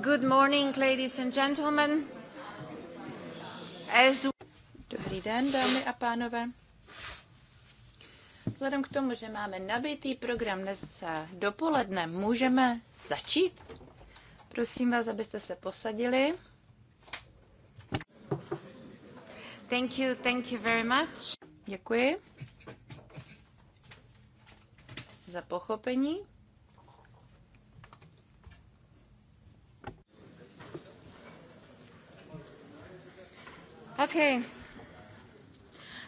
Good morning, ladies and gentlemen. As... Dobrý den, dámy a pánové. Vzhledem k tomu, že máme nabitý program dnes dopoledne, můžeme začít? Prosím vás, abyste se posadili. Thank you, thank you very much. Děkuji za pochopení. Okay.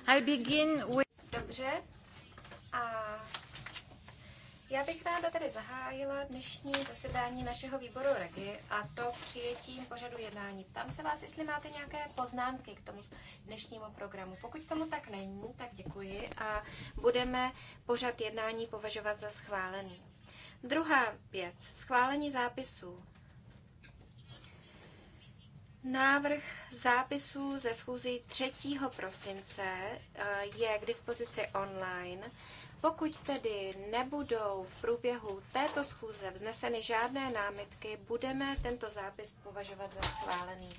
I begin with... Dobře. A já bych ráda tady zahájila dnešní zasedání našeho výboru Regi a to přijetím pořadu jednání. Tam se vás, jestli máte nějaké poznámky k tomu dnešnímu programu. Pokud tomu tak není, tak děkuji a budeme pořad jednání považovat za schválený. Druhá věc, schválení zápisů. Návrh zápisů ze schůzí 3. prosince eh, je k dispozici online. Pokud tedy nebudou v průběhu této schůze vzneseny žádné námitky, budeme tento zápis považovat za schválený.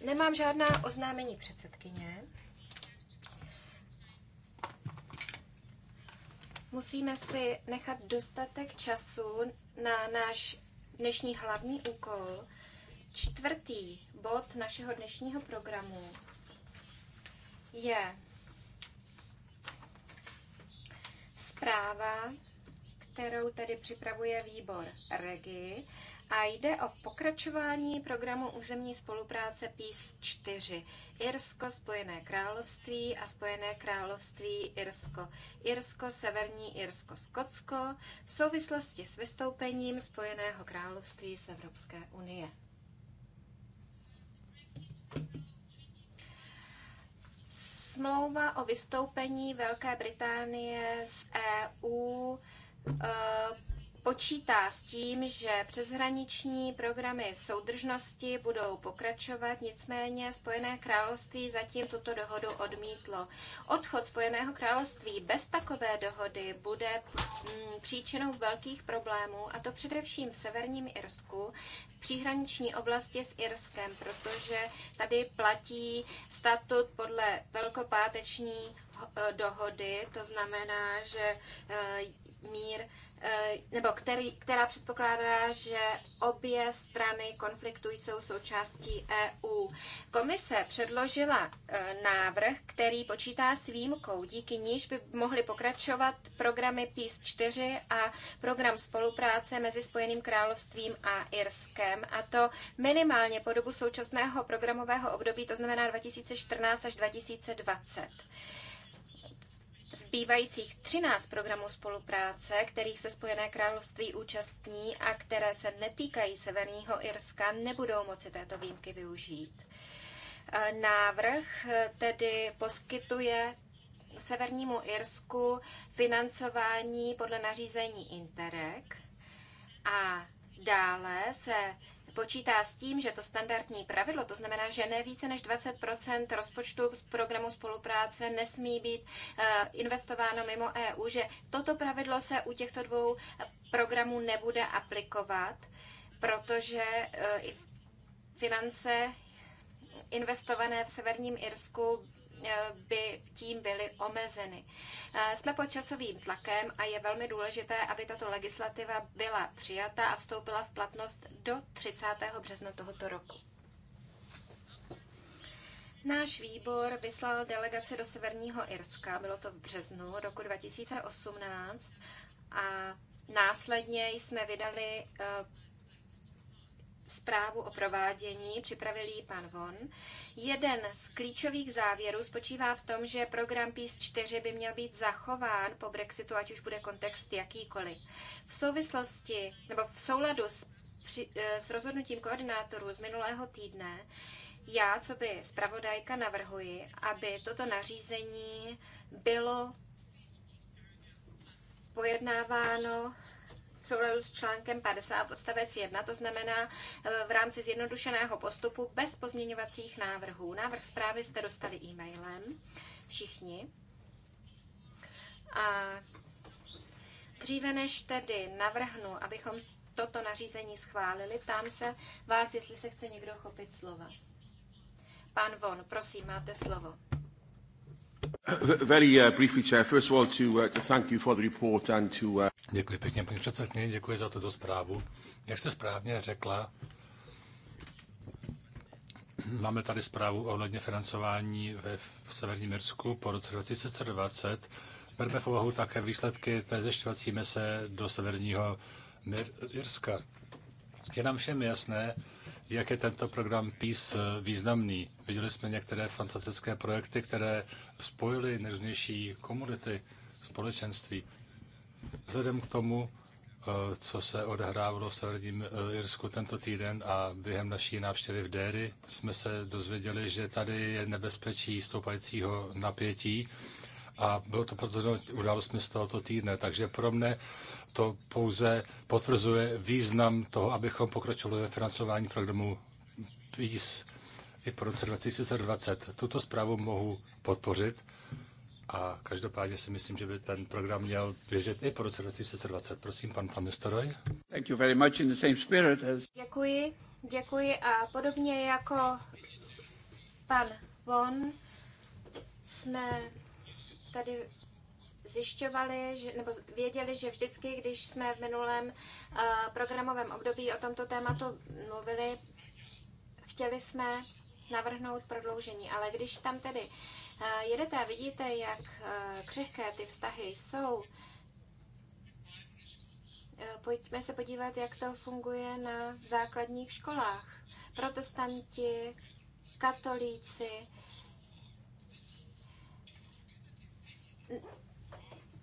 Nemám žádná oznámení předsedkyně. Musíme si nechat dostatek času na náš dnešní hlavní úkol, Čtvrtý bod našeho dnešního programu je zpráva, kterou tady připravuje výbor REGI a jde o pokračování programu územní spolupráce PIS 4. Irsko, Spojené království a Spojené království Irsko. Irsko, Severní Irsko, Skotsko v souvislosti s vystoupením Spojeného království z Evropské unie. Smlouva o vystoupení Velké Británie z EU eh, počítá s tím, že přeshraniční programy soudržnosti budou pokračovat, nicméně Spojené království zatím tuto dohodu odmítlo. Odchod Spojeného království bez takové dohody bude mm, příčinou velkých problémů, a to především v severním Irsku, v příhraniční oblasti s Irskem, protože tady platí statut podle velkopáteční eh, dohody, to znamená, že eh, mír, eh, nebo který, která předpokládá, že obě strany konfliktu jsou součástí EU. Komise předložila eh, návrh, který počítá s výjimkou, díky níž by mohly pokračovat programy PIS 4 a program spolupráce mezi Spojeným královstvím a Irskem, a to minimálně po dobu současného programového období, to znamená 2014 až 2020 zbývajících 13 programů spolupráce, kterých se Spojené království účastní a které se netýkají Severního Irska, nebudou moci této výjimky využít. E, návrh e, tedy poskytuje Severnímu Irsku financování podle nařízení Interreg a dále se počítá s tím, že to standardní pravidlo, to znamená, že ne více než 20 rozpočtu z programu spolupráce nesmí být eh, investováno mimo EU, že toto pravidlo se u těchto dvou programů nebude aplikovat, protože eh, finance investované v Severním Irsku Eh, by tím byly omezeny. Eh, jsme pod časovým tlakem a je velmi důležité, aby tato legislativa byla přijata a vstoupila v platnost do 30. března tohoto roku. Náš výbor vyslal delegace do Severního Irska, bylo to v březnu roku 2018 a následně jsme vydali eh, zprávu o provádění připravil ji pan Von. Jeden z klíčových závěrů spočívá v tom, že program PIS 4 by měl být zachován po Brexitu, ať už bude kontext jakýkoliv. V souvislosti nebo v souladu s, při, eh, s rozhodnutím koordinátorů z minulého týdne já, co by zpravodajka, navrhuji, aby toto nařízení bylo pojednáváno v souladu s článkem 50 odstavec 1, to znamená eh, v rámci zjednodušeného postupu bez pozměňovacích návrhů. Návrh zprávy jste dostali e-mailem všichni. A dříve než tedy navrhnu, abychom toto nařízení schválili, tam se vás, jestli se chce někdo chopit slova. pan Von, prosím, máte slovo. Very uh, briefly, Chair. First of all, to, uh, to thank you for the report and to... Uh... Děkuji pěkně, paní předsedkyně, děkuji za tuto zprávu. Jak jste správně řekla, máme tady zprávu ohledně financování ve, v Severním Irsku po roce 2020. Berme v úvahu také výsledky té zešťovací mise do Severního Mir- Irska. Je nám všem jasné, jak je tento program PIS eh, významný. Viděli jsme některé fantastické projekty, které spojily nejrůznější komunity, společenství. Vzhledem k tomu, eh, co se odehrávalo v Severním eh, Irsku tento týden a během naší návštěvy v Déry jsme se dozvěděli, že tady je nebezpečí stoupajícího napětí a bylo to potvrzeno událostmi z tohoto týdne, takže pro mne to pouze potvrzuje význam toho, abychom pokračovali ve financování programu PIS i pro roce 2020. Tuto zprávu mohu podpořit a každopádně si myslím, že by ten program měl běžet i po roce 2020. Prosím, pan Van Nistelrooy. as... Děkuji, děkuji a podobně jako pan Von jsme tady zjišťovali, že, nebo věděli, že vždycky, když jsme v minulém uh, programovém období o tomto tématu mluvili, chtěli jsme navrhnout prodloužení. Ale když tam tedy uh, jedete a vidíte, jak e, křehké ty vztahy jsou, e, pojďme se podívat, jak to funguje na základních školách. Protestanti, katolíci,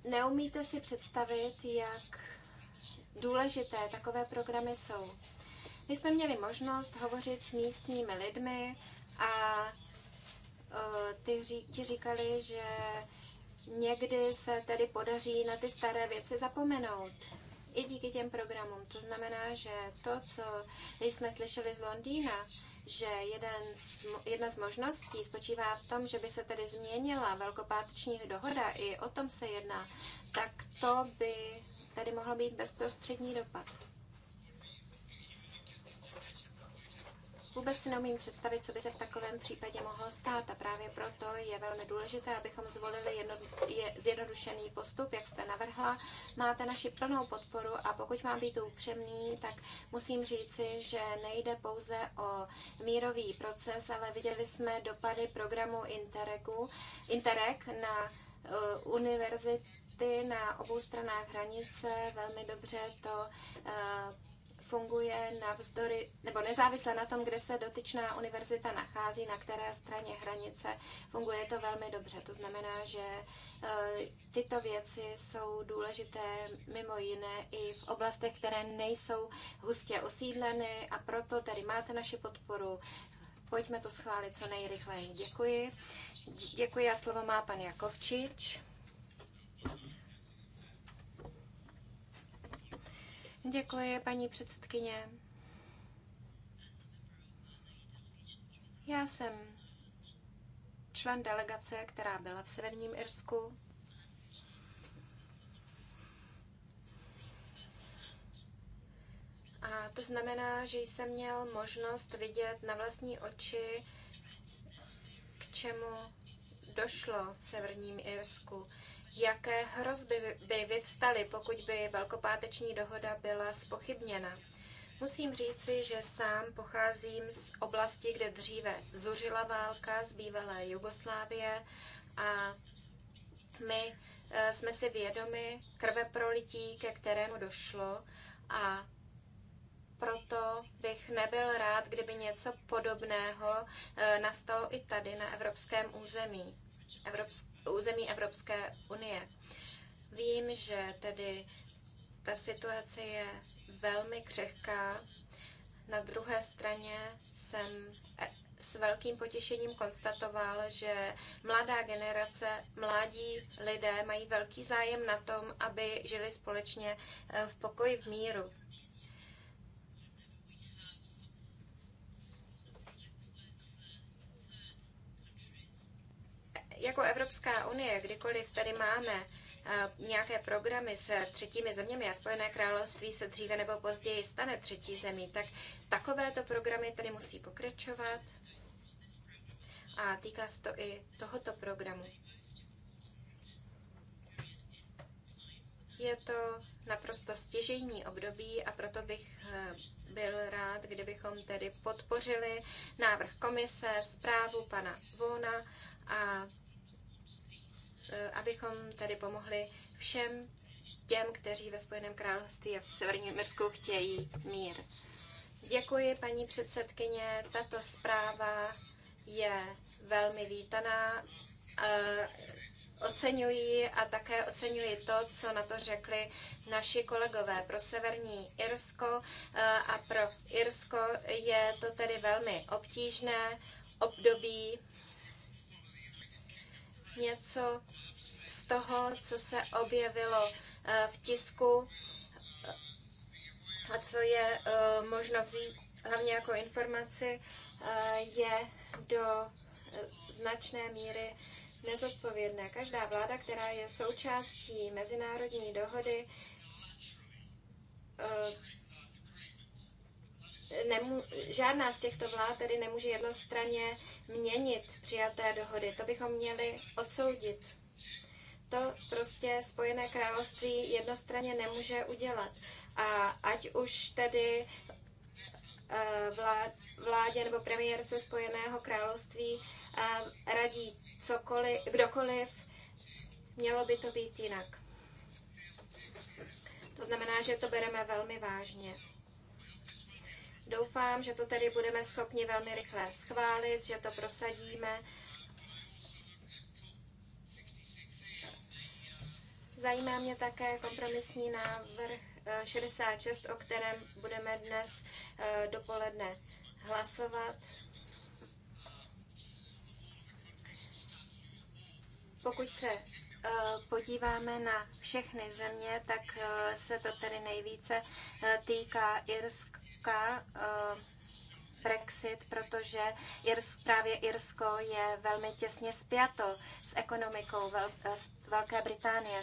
neumíte si představit, jak důležité takové programy jsou. My jsme měli možnost hovořit s místními lidmi a Eh, ty, ří, ti říkali, že někdy se tedy podaří na ty staré věci zapomenout. I díky těm programům. To znamená, že to, co jsme slyšeli z Londýna, že jeden z, jedna z možností spočívá v tom, že by se tedy změnila velkopáteční dohoda, i o tom se jedná, tak to by tady mohlo být bezprostřední dopad. Vůbec si neumím představit, co by se v takovém případě mohlo stát a právě proto je velmi důležité, abychom zvolili jedno, je, zjednodušený postup, jak jste navrhla. Máte naši plnou podporu a pokud mám být upřemný, tak musím říci, že nejde pouze o mírový proces, ale viděli jsme dopady programu Interregu, Interreg na uh, univerzity na obou stranách hranice. Velmi dobře to uh, funguje navzdory, nebo nezávisle na tom, kde se dotyčná univerzita nachází, na které straně hranice, funguje to velmi dobře. To znamená, že eh, tyto věci jsou důležité mimo jiné i v oblastech, které nejsou hustě osídleny a proto tady máte naši podporu. Pojďme to schválit co nejrychleji. Děkuji. Děkuji a slovo má pan Jakovčič. Děkuji, paní předsedkyně. Já jsem člen delegace, která byla v Severním Irsku. A to znamená, že jsem měl možnost vidět na vlastní oči, k čemu došlo v Severním Irsku jaké hrozby by vyvstaly, pokud by velkopáteční dohoda byla spochybněna. Musím říci, že sám pocházím z oblasti, kde dříve zuřila válka z bývalé Jugoslávie a my eh, jsme si vědomi krve prolití, ke kterému došlo a proto bych nebyl rád, kdyby něco podobného eh, nastalo i tady na evropském území. Evropsk- území Evropské unie. Vím, že tedy ta situace je velmi křehká. Na druhé straně jsem eh, s velkým potěšením konstatoval, že mladá generace, mladí lidé mají velký zájem na tom, aby žili společně eh, v pokoji v míru. jako Evropská unie, kdykoliv tady máme eh, nějaké programy se třetími zeměmi a Spojené království se dříve nebo později stane třetí zemí, tak takovéto programy tady musí pokračovat a týká se to i tohoto programu. Je to naprosto stěžejní období a proto bych eh, byl rád, kdybychom tedy podpořili návrh komise, zprávu pana Vona a Eh, abychom tady pomohli všem těm, kteří ve Spojeném království a v Severním Irsku chtějí mír. Děkuji, paní předsedkyně. Tato zpráva je velmi vítaná. Eh, oceňuji a také oceňuji to, co na to řekli naši kolegové pro Severní Irsko eh, a pro Irsko je to tedy velmi obtížné období něco z toho, co se objevilo eh, v tisku eh, a co je eh, možno vzít hlavně jako informaci, je do značné míry nezodpovědné. Každá vláda, která je součástí mezinárodní dohody, nemů- žádná z těchto vlád tedy nemůže jednostranně měnit přijaté dohody. To bychom měli odsoudit. To prostě Spojené království jednostranně nemůže udělat. A ať už tedy eh, vlád, vládě nebo premiérce Spojeného království eh, radí cokoliv, kdokoliv, mělo by to být jinak. To znamená, že to bereme velmi vážně. Doufám, že to tedy budeme schopni velmi rychle schválit, že to prosadíme. Zajímá mě také kompromisní návrh 66, eh, o kterém budeme dnes eh, dopoledne hlasovat. Pokud se eh, podíváme na všechny země, tak se to tedy nejvíce týká Irska uh, Brexit, protože Irsk, právě Irsko je velmi těsně spjato s ekonomikou Vel, Velké Británie.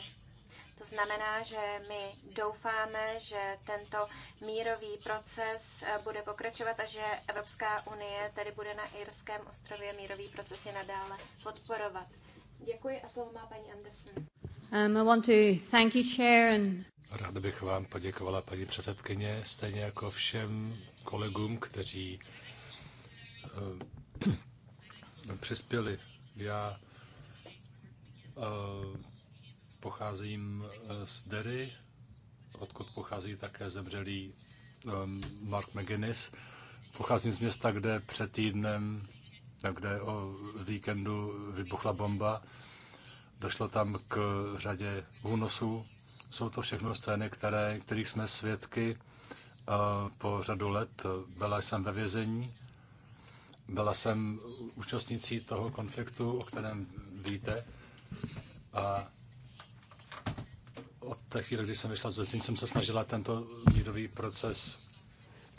To znamená, že my doufáme, že tento mírový proces eh, bude pokračovat a že Evropská unie tedy bude na Irském ostrově mírový procesy nadále podporovat. Děkuji a slovo má paní Anderson. Um, I want to thank you, Chair, and... bych vám poděkovala, paní předsedkyně, stejně jako všem kolegům, kteří uh, přispěli. Já uh, pocházím eh, z Derry, odkud pochází také zemřelý um, Mark McGuinness. Pocházím z města, kde před týdnem, kde o víkendu vybuchla bomba došlo tam k řadě únosů. Jsou to všechno scény, které, kterých jsme svědky eh, po řadu let. Byla jsem ve vězení, byla jsem účastnicí toho konfliktu, o kterém víte. A od té chvíle, kdy jsem vyšla z vězení, jsem se snažila tento mírový proces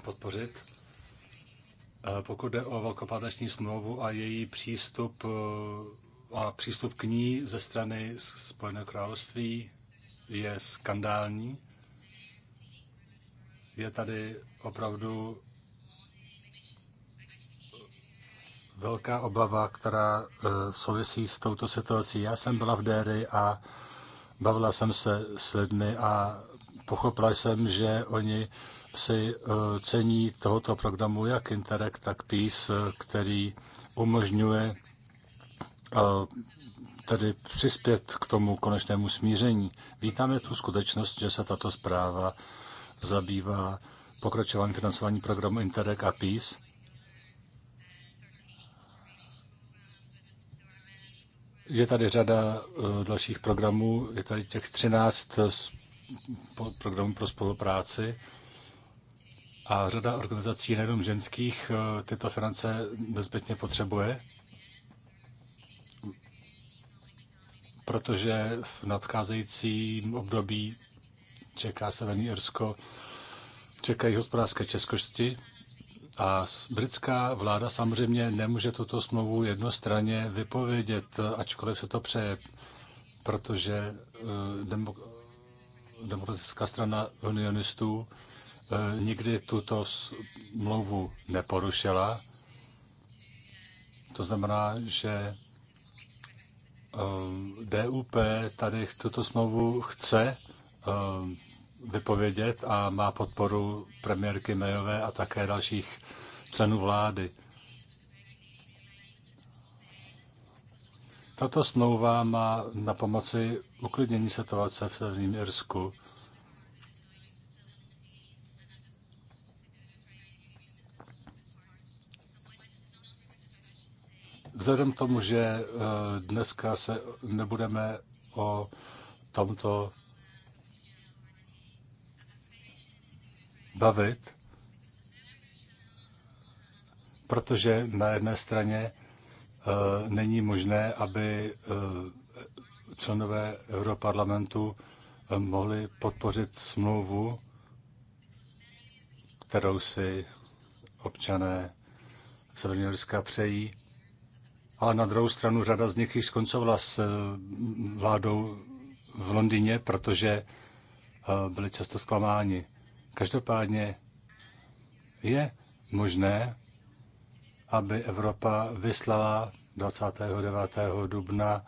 podpořit. Eh, pokud jde o velkopáteční smlouvu a její přístup eh, a přístup k ní ze strany Spojeného království je skandální. Je tady opravdu velká obava, která eh, souvisí s touto situací. Já jsem byla v Déry a bavila jsem se s lidmi a pochopila jsem, že oni si eh, cení tohoto programu jak Interact, tak PIS, eh, který umožňuje tedy přispět k tomu konečnému smíření. Vítáme tu skutečnost, že se tato zpráva zabývá pokračování financování programu Interreg a pis Je tady řada eh, dalších programů, je tady těch 13 eh, programů pro spolupráci a řada organizací, nejenom ženských, eh, tyto finance bezpečně potřebuje. protože v nadcházejícím období čeká Severní Irsko, čekají hospodářské českosti a britská vláda samozřejmě nemůže tuto smlouvu jednostranně vypovědět, ačkoliv se to přeje, protože eh, demok- demokratická strana unionistů eh, nikdy tuto smlouvu neporušila. To znamená, že Ehm, DUP tady tuto smlouvu chce ehm, vypovědět a má podporu premiérky Mejové a také dalších členů vlády. Tato smlouva má na pomoci uklidnění situace v Severním Irsku. Vzhledem k tomu, že eh, dneska se nebudeme o tomto bavit, protože na jedné straně eh, není možné, aby eh, členové Europarlamentu mohli podpořit smlouvu, kterou si občané Severního Irska přejí ale na druhou stranu řada z nich již skoncovala s eh, vládou v Londýně, protože eh, byli často zklamáni. Každopádně je možné, aby Evropa vyslala 29. dubna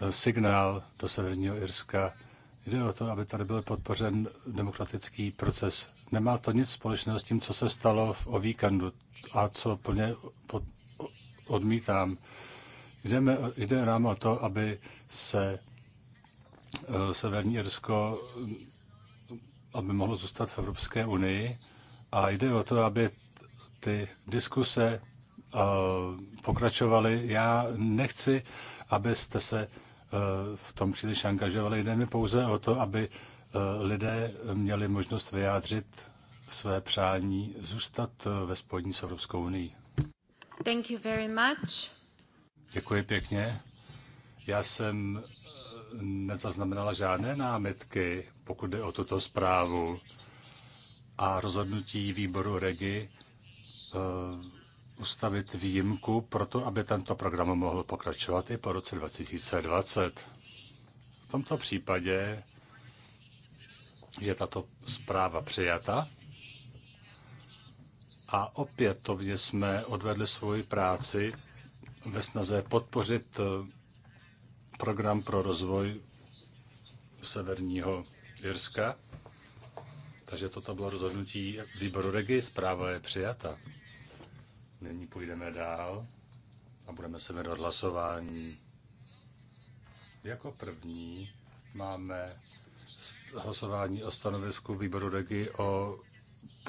eh, signál do Severního Irska. Jde o to, aby tady byl podpořen demokratický proces. Nemá to nic společného s tím, co se stalo v o víkendu a co plně odmítám. Jdeme, jde nám o to, aby se eh, Severní Irsko aby mohlo zůstat v Evropské unii a jde o to, aby ty diskuse eh, pokračovaly. Já nechci, abyste se eh, v tom příliš angažovali. Jde mi pouze o to, aby lidé měli možnost vyjádřit své přání zůstat ve spojení s Evropskou unii. Thank you very much. Děkuji pěkně. Já jsem eh, nezaznamenala žádné námitky, pokud jde o tuto zprávu a rozhodnutí výboru REGI uh, ustavit výjimku pro to, aby tento program mohl pokračovat i po roce 2020. V tomto případě je tato zpráva přijata a opětovně jsme odvedli svoji práci ve snaze podpořit eh, program pro rozvoj severního Jirska. Takže toto bylo rozhodnutí výboru Regi, zpráva je přijata. Nyní půjdeme dál a budeme se věnovat hlasování. Jako první máme hlasování o stanovisku výboru Regi o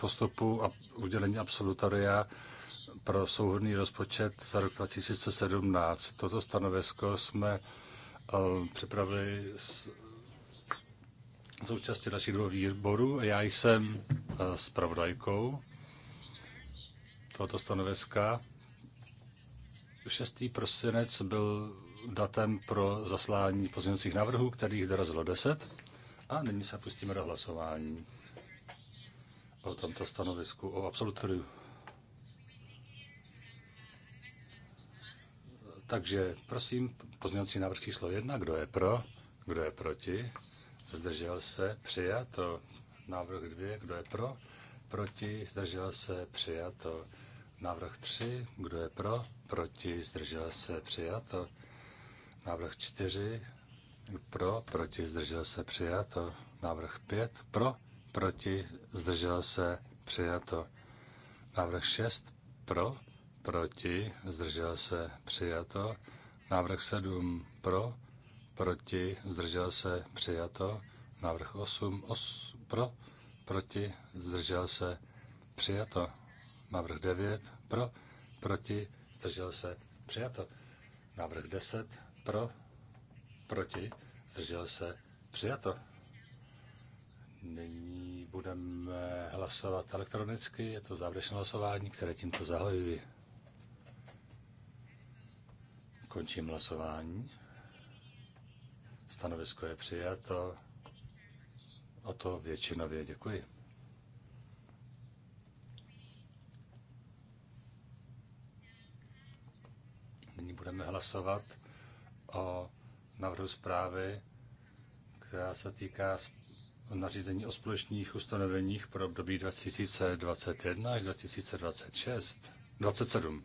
postupu a udělení absolutoria pro souhodný rozpočet za rok 2017. Toto stanovisko jsme eh, připravili s součástí našich dvou výborů. Já jsem eh, pravodajkou tohoto stanoviska. 6. prosinec byl datem pro zaslání pozměňovacích návrhů, kterých dorazilo 10. A nyní se pustíme do hlasování o tomto stanovisku, o absolutoriu. Takže prosím, pozměňovací návrh číslo jedna, kdo je pro, kdo je proti, zdržel se, přijato. Návrh dvě, kdo je pro, proti, zdržel se, přijato. Návrh tři, kdo je pro, proti, zdržel se, přijato. Návrh čtyři, pro, proti, zdržel se, přijato. Návrh pět, pro, proti, zdržel se, přijato. Návrh šest, pro, proti, zdržel se, přijato. Návrh 7 pro, proti, zdržel se, přijato. Návrh 8 os, pro, proti, zdržel se, přijato. Návrh 9 pro, proti, zdržel se, přijato. Návrh 10 pro, proti, zdržel se, přijato. Nyní budeme hlasovat elektronicky, je to závěrečné hlasování, které tímto zahajuji. Končím hlasování. Stanovisko je přijato. O to většinově děkuji. Nyní budeme hlasovat o návrhu zprávy, která se týká nařízení o společných ustanoveních pro období 2021 až 2026. 27.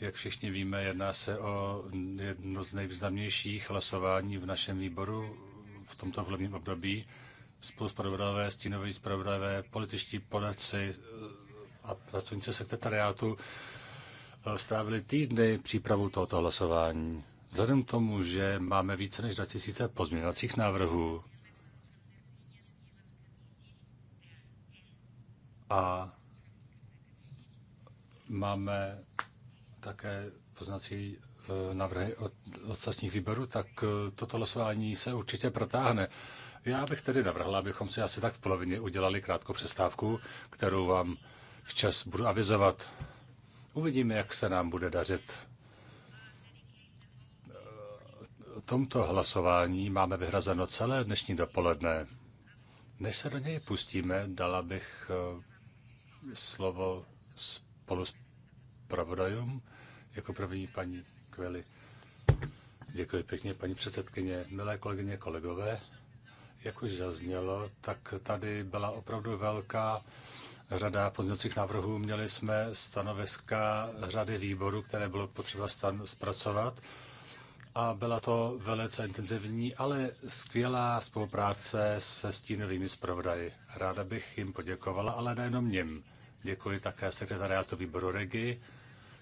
Jak všichni víme, jedná se o jedno z nejvýznamnějších hlasování v našem výboru v tomto volebním období. spravodajové, stínoví spravodajové, političtí poradci eh, a pracovníci sekretariátu eh, strávili týdny přípravu tohoto hlasování. Vzhledem k tomu, že máme více než 2000 pozměňovacích návrhů a máme také poznací eh, návrhy od ostatních výborů, tak eh, toto losování se určitě protáhne. Já bych tedy navrhla, abychom si asi tak v polovině udělali krátkou přestávku, kterou vám včas budu avizovat. Uvidíme, jak se nám bude dařit. Eh, tomto hlasování máme vyhrazeno celé dnešní dopoledne. Než se do něj pustíme, dala bych slovo spolu s pravodajům. Jako první paní Kveli. Děkuji pěkně, paní předsedkyně. Milé kolegyně, kolegové, jak už zaznělo, tak tady byla opravdu velká řada pozměňovacích návrhů. Měli jsme stanoviska řady výborů, které bylo potřeba stan- zpracovat. A byla to velice intenzivní, ale skvělá spolupráce se stínovými zpravodaji. Ráda bych jim poděkovala, ale nejenom nim. Děkuji také sekretariátu výboru Regi,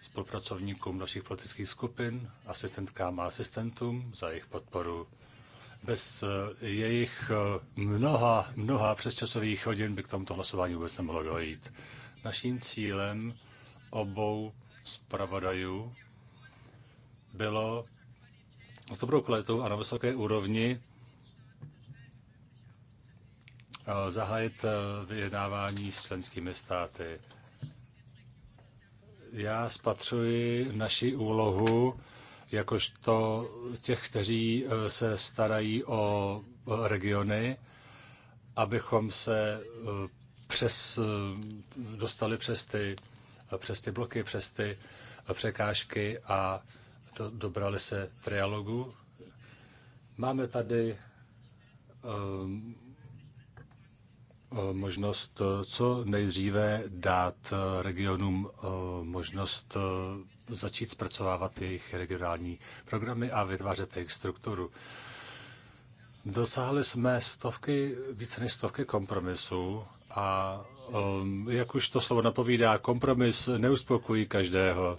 spolupracovníkům našich politických skupin, asistentkám a asistentům za jejich podporu. Bez eh, jejich eh, mnoha, mnoha přesčasových hodin by k tomuto hlasování vůbec nemohlo dojít. Naším cílem obou zpravodajů bylo s dobrou kvalitou a na vysoké úrovni eh, zahájit vyjednávání s členskými státy. Já spatřuji naši úlohu jakožto těch, kteří eh, se starají o eh, regiony, abychom se eh, přes, dostali přes ty, přes ty bloky, přes ty překážky a do, dobrali se trialogu. Máme tady um, Eh, možnost eh, co nejdříve dát eh, regionům možnost začít zpracovávat jejich regionální programy a vytvářet jejich strukturu. Dosáhli jsme stovky, více než stovky kompromisů a jak už to slovo napovídá, kompromis neuspokojí každého.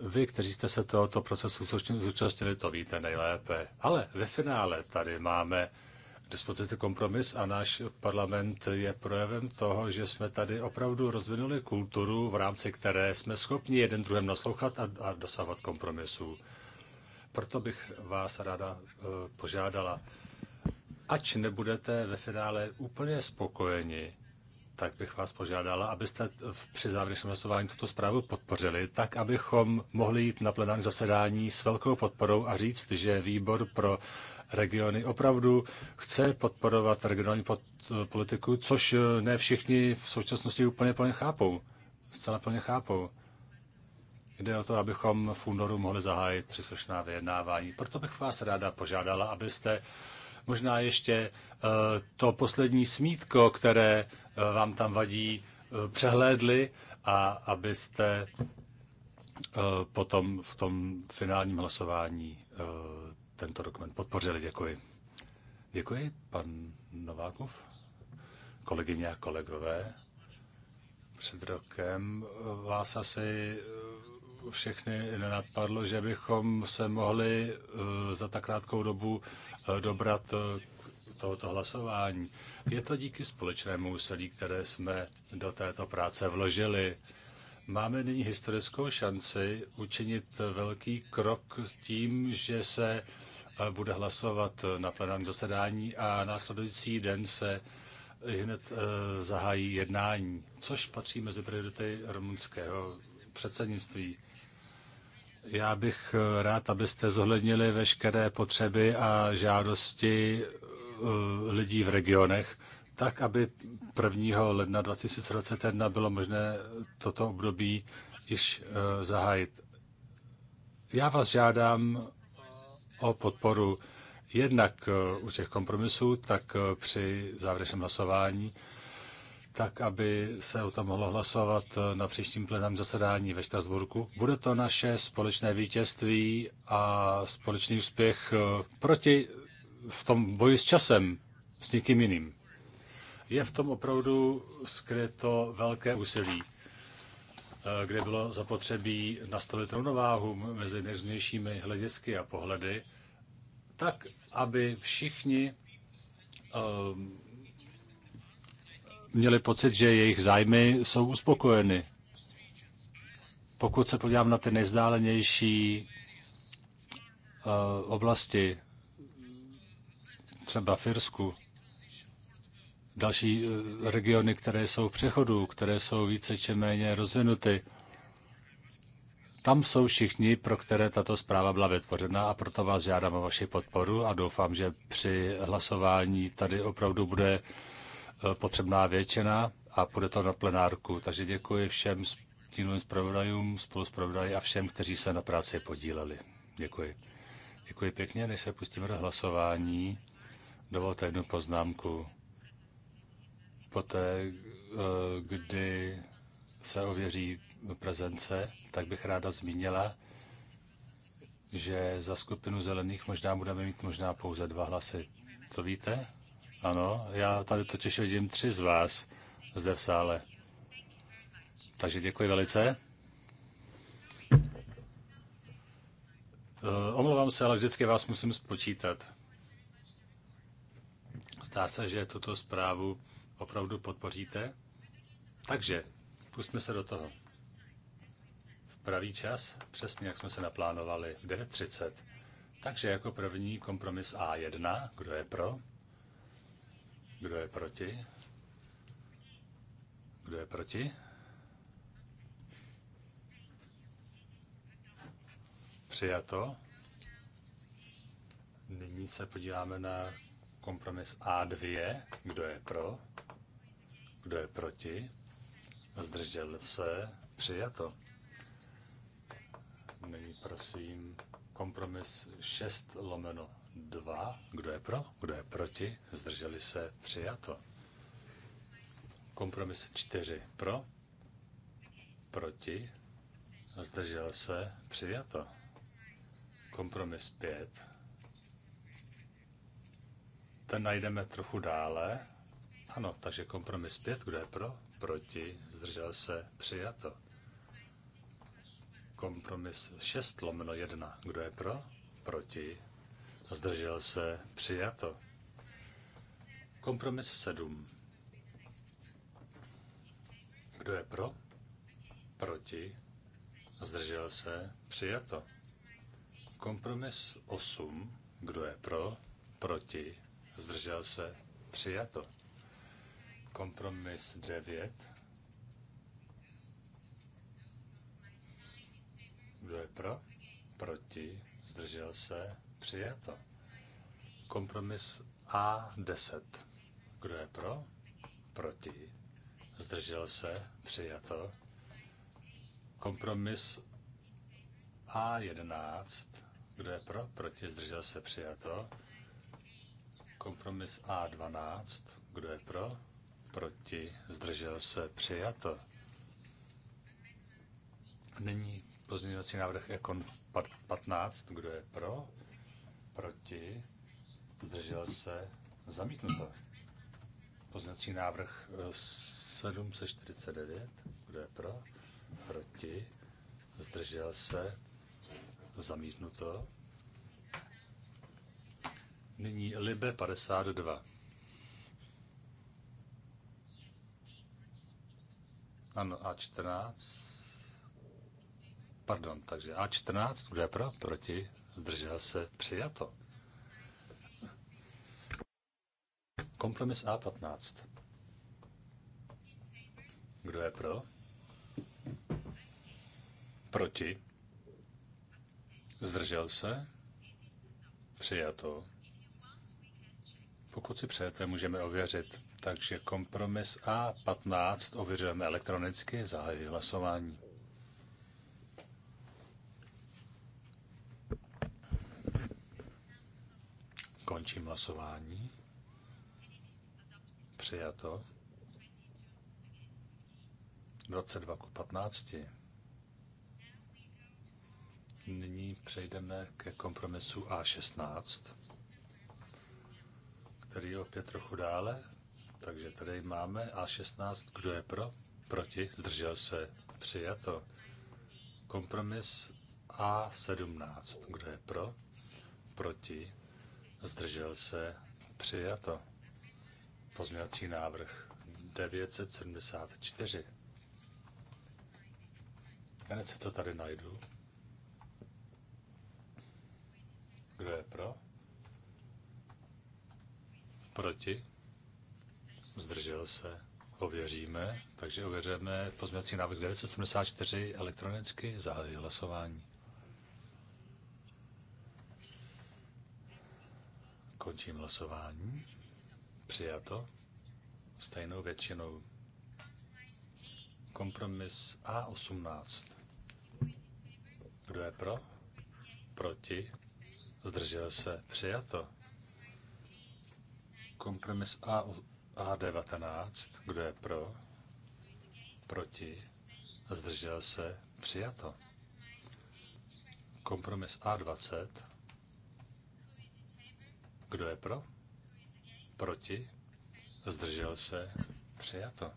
Vy, kteří jste se tohoto procesu zúčastnili, to víte nejlépe. Ale ve finále tady máme Dispozice dispozici kompromis a náš parlament je projevem toho, že jsme tady opravdu rozvinuli kulturu, v rámci které jsme schopni jeden druhém naslouchat a, a dosávat kompromisů. Proto bych vás ráda eh, požádala, ač nebudete ve finále úplně spokojeni, tak bych vás požádala, abyste při závěrečném hlasování tuto zprávu podpořili, tak abychom mohli jít na plenární zasedání s velkou podporou a říct, že výbor pro regiony opravdu chce podporovat regionální pod, politiku, což eh, ne všichni v současnosti úplně plně chápou. Zcela plně chápou. Jde o to, abychom v únoru mohli zahájit příslušná vyjednávání. Proto bych vás ráda požádala, abyste Možná ještě eh, to poslední smítko, které eh, vám tam vadí, eh, přehlédli a abyste potom v tom finálním hlasování tento dokument podpořili. Děkuji. Děkuji, pan Novákov. Kolegyně a kolegové, před rokem vás asi všechny nenapadlo, že bychom se mohli za tak krátkou dobu dobrat eh, tohoto hlasování. Je to díky společnému úsilí, které jsme do této práce vložili. Máme nyní historickou šanci učinit velký krok tím, že se eh, bude hlasovat na plenárním zasedání a následující den se eh, hned zahájí jednání, což patří mezi priority rumunského předsednictví. Já bych eh, rád, abyste zohlednili veškeré potřeby a žádosti eh, lidí v regionech, tak, aby 1. ledna 2021 bylo možné toto období již eh, zahájit. Já vás žádám o podporu jednak u těch kompromisů, tak při závěrečném hlasování tak, aby se o tom mohlo hlasovat eh, na příštím plenárním zasedání ve Štrasburku. Bude to naše společné vítězství a společný úspěch eh, proti v tom boji s časem, s někým jiným. Je v tom opravdu skryto velké úsilí, eh, kde bylo zapotřebí nastolit rovnováhu mezi nejrůznějšími hledisky a pohledy, tak, aby všichni um, měli pocit, že jejich zájmy jsou uspokojeny. Pokud se podívám na ty nejzdálenější eh, oblasti, třeba Firsku, další eh, regiony, které jsou v přechodu, které jsou více či méně rozvinuty, tam jsou všichni, pro které tato zpráva byla vytvořena a proto vás žádám o vaši podporu a doufám, že při hlasování tady opravdu bude Eh, potřebná většina a půjde to na plenárku. Takže děkuji všem stínovým zpravodajům, spoluzpravodaji a všem, kteří se na práci podíleli. Děkuji. Děkuji pěkně. Než se pustíme do hlasování, dovolte jednu poznámku. Poté, eh, kdy se ověří prezence, tak bych ráda zmínila, že za skupinu zelených možná budeme mít možná pouze dva hlasy. To víte? Ano, já tady totiž vidím tři z vás zde v sále. Takže děkuji velice. Eh, omlouvám se, ale vždycky vás musím spočítat. Zdá se, že tuto zprávu opravdu podpoříte. Takže, pustme se do toho. V pravý čas, přesně jak jsme se naplánovali, v 9.30. Takže jako první kompromis A1, kdo je pro? Kdo je proti? Kdo je proti? Přijato. Nyní se podíváme na kompromis A2. Kdo je pro? Kdo je proti? Zdržel se? Přijato. Nyní prosím kompromis 6 lomeno 2. Kdo je pro? Kdo je proti? Zdrželi se? Přijato. Kompromis 4. Pro? Proti? Zdržel se? Přijato. Kompromis 5. Ten najdeme trochu dále. Ano, takže kompromis 5. Kdo je pro? Proti? Zdržel se? Přijato. Kompromis 6 lomeno 1. Kdo je pro? Proti? zdržel se, přijato. Kompromis 7. Kdo je pro? Proti? Zdržel se? Přijato. Kompromis 8. Kdo je pro? Proti? Zdržel se? Přijato. Kompromis 9. Kdo je pro? Proti? Zdržel se? Přijato. Kompromis A10. Kdo je pro? Proti. Zdržel se? Přijato. Kompromis A11. Kdo je pro? Proti. Zdržel se? Přijato. Kompromis A12. Kdo je pro? Proti. Zdržel se? Přijato. Nyní pozměňovací návrh Ekon 15. Kdo je pro? proti, zdržel se, zamítnuto. Poznací návrh 749, eh, kdo je pro, proti, zdržel se, zamítnuto. Nyní Libe 52. Ano, A14. Pardon, takže A14, kdo je pro, proti, zdržel se, přijato. Kompromis A15. Kdo je pro? Proti? Zdržel se? Přijato. Pokud si přejete, můžeme ověřit. Takže kompromis A15 ověřujeme elektronicky, zahajuji hlasování. Končím hlasování. Přijato. 22 ku 15. Nyní přejdeme ke kompromisu A16, který je opět trochu dále. Takže tady máme A16. Kdo je pro? Proti? Zdržel se? Přijato. Kompromis A17. Kdo je pro? Proti? zdržel se, přijato. Pozměňovací návrh 974. Hned se to tady najdu. Kdo je pro? Proti? Zdržel se? Ověříme. Takže ověříme pozměňovací návrh 974 elektronicky zahájí hlasování. Končím hlasování. Přijato. Stejnou většinou. Kompromis A18. Kdo je pro? Proti? Zdržel se? Přijato. Kompromis A, A19. Kdo je pro? Proti? Zdržel se? Přijato. Kompromis A20. Kdo je pro? Proti? Zdržel se? Přijato.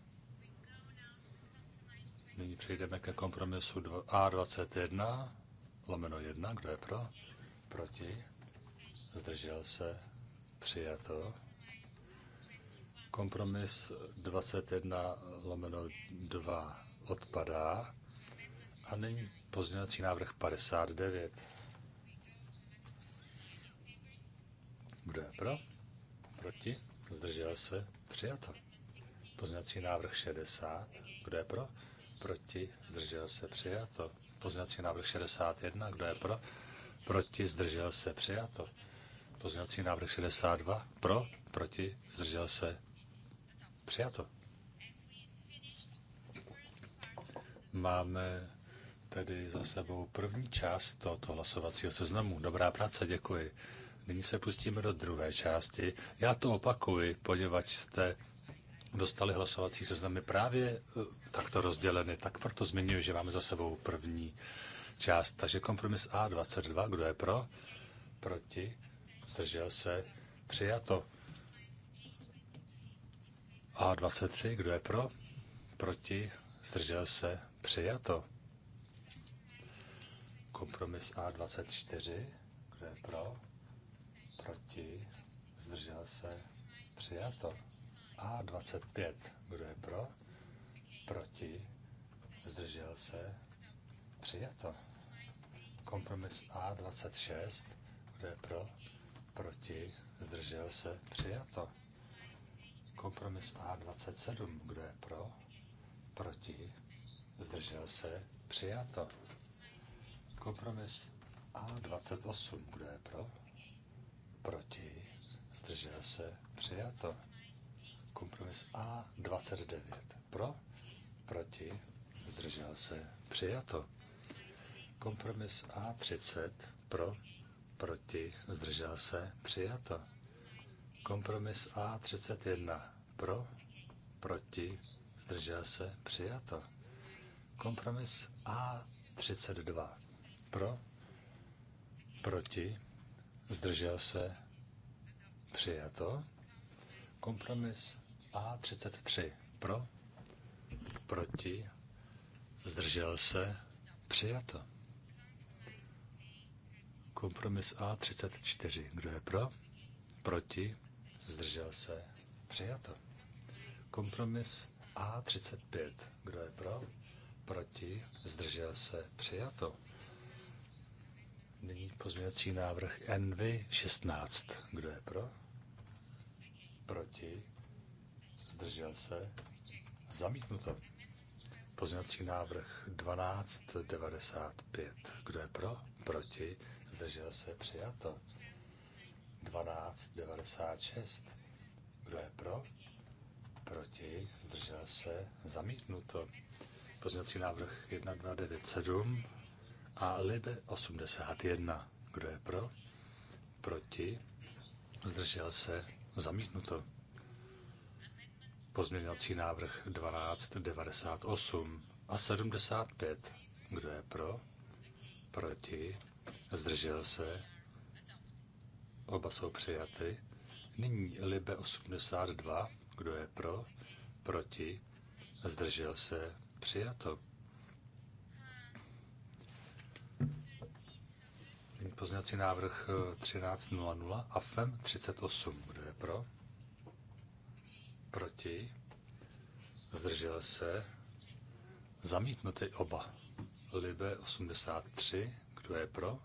Nyní přejdeme ke kompromisu A21, lomeno 1. Kdo je pro? Proti? Zdržel se? Přijato. Kompromis 21 lomeno 2 odpadá. A nyní pozměňovací návrh 59. Kdo je pro? Proti? Zdržel se? Přijato. Poznací návrh 60. Kdo je pro? Proti? Zdržel se? Přijato. Poznací návrh 61. Kdo je pro? Proti? Zdržel se? Přijato. Poznací návrh 62. Pro? Proti? Zdržel se? Přijato. Máme tedy za sebou první část tohoto hlasovacího seznamu. Dobrá práce, děkuji. Nyní se pustíme do druhé části. Já to opakuji, poněvadž jste dostali hlasovací seznamy právě e, takto rozděleny, tak proto zmiňuji, že máme za sebou první část. Takže kompromis A22, kdo je pro? Proti? Zdržel se? Přijato. A23, kdo je pro? Proti? Zdržel se? Přijato. Kompromis A24, kdo je pro? proti, zdržel se, přijato. A25, kdo je pro, proti, zdržel se, přijato. Kompromis A26, kdo je pro, proti, zdržel se, přijato. Kompromis A27, kdo je pro, proti, zdržel se, přijato. Kompromis A28, kdo je pro, proti, zdržel se, přijato. Kompromis A29 pro, proti, zdržel se, přijato. Kompromis A30 pro, proti, zdržel se, přijato. Kompromis A31 pro, proti, zdržel se, přijato. Kompromis A32 pro, proti, zdržel se, přijato. Kompromis A33 pro, proti, zdržel se, přijato. Kompromis A34. Kdo je pro? Proti? Zdržel se? Přijato. Kompromis A35. Kdo je pro? Proti? Zdržel se? Přijato. Nyní pozměňovací návrh NV16. Kdo je pro? Proti? Zdržel se? Zamítnuto. Pozměňovací návrh 1295. Kdo je pro? Proti? Zdržel se? Přijato. 1296. Kdo je pro? Proti? Zdržel se? Zamítnuto. Pozměňovací návrh 1297 a Libe 81. Kdo je pro? Proti? Zdržel se? Zamítnuto. Pozměňovací návrh 1298 a 75. Kdo je pro? Proti? Zdržel se? Oba jsou přijaty. Nyní Libe 82. Kdo je pro? Proti? Zdržel se? Přijato. Pozměňovací návrh 13.00 eh, a FEM 38. Kdo je pro? Proti? Zdržel se? Zamítnuty oba. Libe 83. Kdo je pro?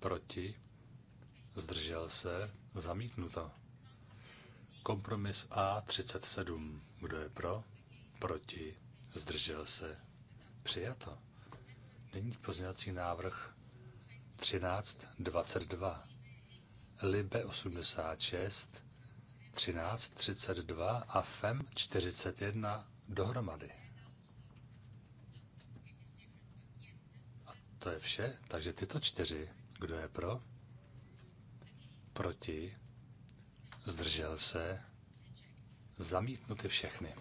Proti? Zdržel se? Zamítnuto. Kompromis A37. Kdo je pro? Proti? Zdržel se? Přijato. Není pozměňovací návrh 13, 22. Libe 86, 13, 32 a FEM 41 dohromady. A to je vše. Takže tyto čtyři. Kdo je pro? Proti? Zdržel se? Zamítnuty všechny.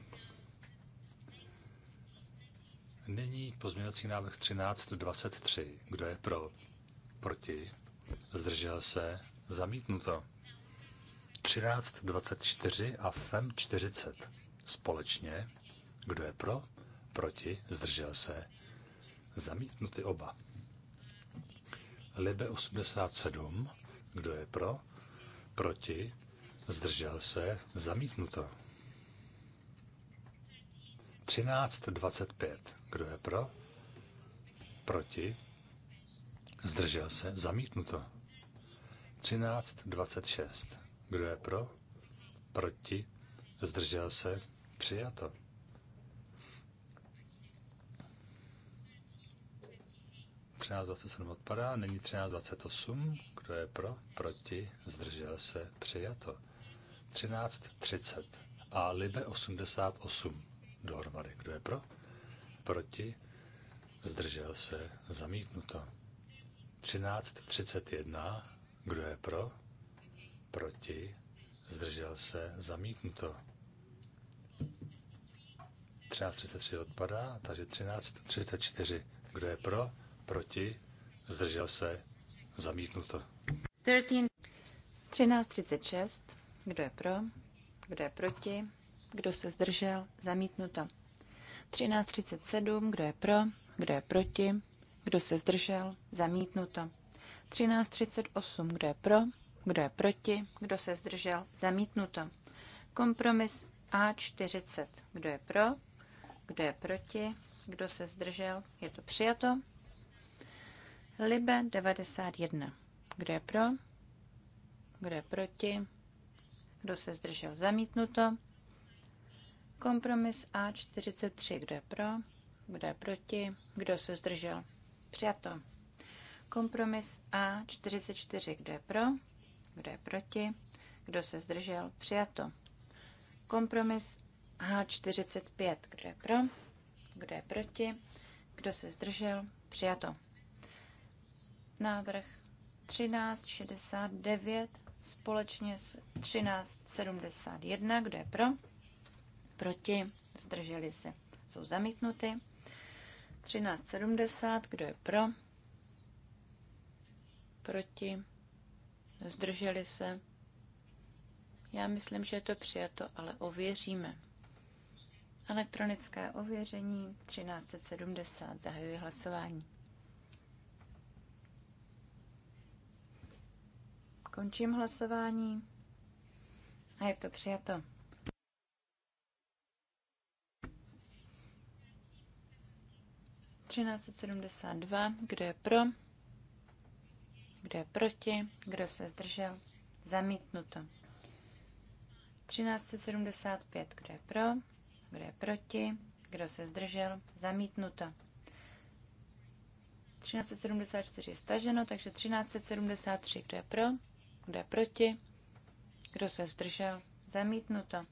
Nyní pozměňovací návrh 1323. Kdo je pro? proti, zdržel se, zamítnuto. 13.24 a FEM 40 společně. Kdo je pro, proti, zdržel se, zamítnuty oba. Libe 87, kdo je pro, proti, zdržel se, zamítnuto. 13.25, kdo je pro, proti, Zdržel se? Zamítnuto. 13.26. Kdo je pro? Proti? Zdržel se? Přijato. sedm odpadá, není 13.28. Kdo je pro? Proti? Zdržel se? Přijato. 13.30 a Libe 88 dohromady. Kdo je pro? Proti? Zdržel se? Zamítnuto. 13.31. Kdo je pro? Proti? Zdržel se? Zamítnuto. 13.33 odpadá, takže 13.34. Kdo je pro? Proti? Zdržel se? Zamítnuto. 13.36. Kdo je pro? Kdo je proti? Kdo se zdržel? Zamítnuto. 13.37. Kdo je pro? Kdo je proti? Kdo se zdržel? Zamítnuto. 13.38. Kdo je pro? Kdo je proti? Kdo se zdržel? Zamítnuto. Kompromis A40. Kdo je pro? Kdo je proti? Kdo se zdržel? Je to přijato. Libe 91. Kdo je pro? Kdo je proti? Kdo se zdržel? Zamítnuto. Kompromis A43. Kdo je pro? Kdo je proti? Kdo se zdržel? Přijato. Kompromis A44. Kdo je pro? Kdo je proti? Kdo se zdržel? Přijato. Kompromis H45. Kdo je pro? Kdo je proti? Kdo se zdržel? Přijato. Návrh 1369 společně s 1371. Kdo je pro? Proti? Zdrželi se. Jsou zamítnuty. 1370, kdo je pro? Proti? Zdrželi se? Já myslím, že je to přijato, ale ověříme. Elektronické ověření 1370. Zahajuji hlasování. Končím hlasování a je to přijato. 1372, kdo je pro, kdo je proti, kdo se zdržel, zamítnuto. 1375, kdo je pro, kdo je proti, kdo se zdržel, zamítnuto. 1374 je staženo, takže 1373, kdo je pro, kdo je proti, kdo se zdržel, zamítnuto.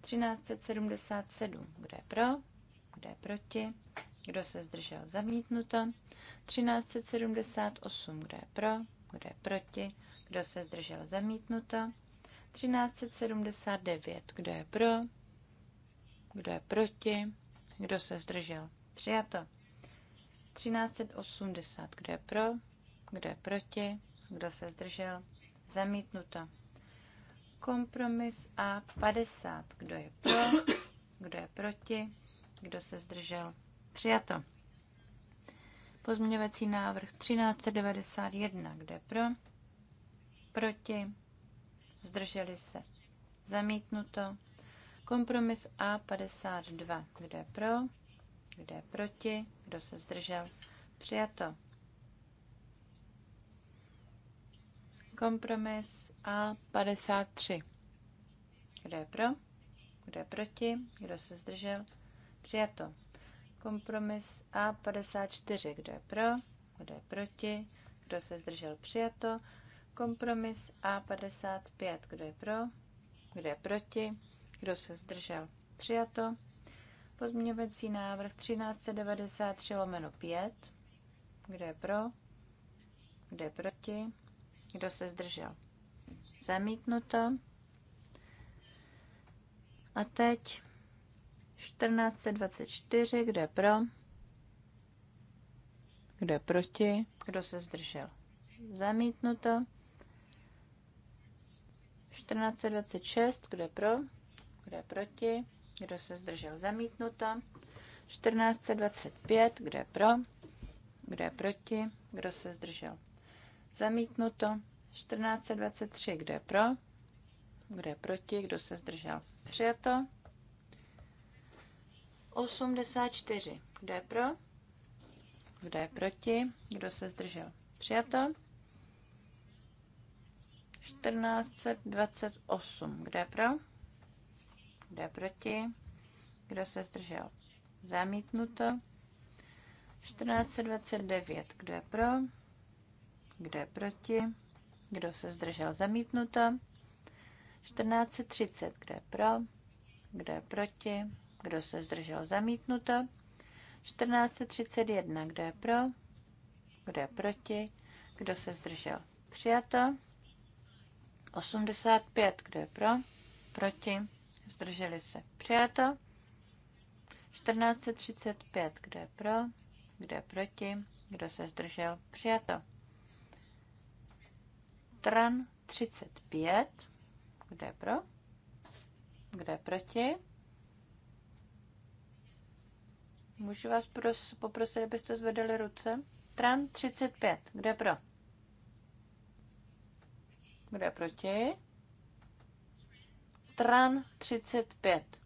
1377, kdo je pro, kdo je proti, kdo se zdržel? Zamítnuto. 1378. Kdo je pro? Kdo je proti? Kdo se zdržel? Zamítnuto. 1379. Kdo je pro? Kdo je proti? Kdo se zdržel? Přijato. 1380. Kdo je pro? Kdo je proti? Kdo se zdržel? Zamítnuto. Kompromis A50. Kdo je pro? Kdo je proti? Kdo se zdržel? Přijato. Pozměňovací návrh 1391. Kde pro? Proti? Zdrželi se. Zamítnuto. Kompromis A52. Kde pro? Kde proti? Kdo se zdržel? Přijato. Kompromis A53. Kde pro? Kde proti? Kdo se zdržel? Přijato. Kompromis A54. Kdo je pro? Kdo je proti? Kdo se zdržel? Přijato. Kompromis A55. Kdo je pro? Kdo je proti? Kdo se zdržel? Přijato. Pozměňovací návrh 1393 lomeno 5. Kdo je pro? Kdo je proti? Kdo se zdržel? Zamítnuto. A teď 1424, kdo je pro? Kdo je proti? Kdo se zdržel? Zamítnuto. 1426, kdo je pro? Kdo je proti? Kdo se zdržel? Zamítnuto. 1425, kdo je pro? Kdo je proti? Kdo se zdržel? Zamítnuto. 1423, kdo je pro? Kdo je proti? Kdo se zdržel? Přijato. 84. Kdo je pro? Kdo je proti? Kdo se zdržel? Přijato. 1428. Kdo je pro? Kdo je proti? Kdo se zdržel? Zamítnuto. 1429. Kdo je pro? Kdo je proti? Kdo se zdržel? Zamítnuto. 1430. Kdo je pro? Kdo je proti? Kdo se zdržel? Zamítnuto. 1431. Kdo je pro? Kdo je proti? Kdo se zdržel? Přijato. 85. Kdo je pro? Proti? Zdrželi se. Přijato. 1435. Kdo je pro? Kdo je proti? Kdo se zdržel? Přijato. Tran 35. Kdo je pro? Kdo je proti? Můžu vás pros- poprosit, abyste zvedali ruce? Tran 35. Kde pro? Kde proti? Tran 35.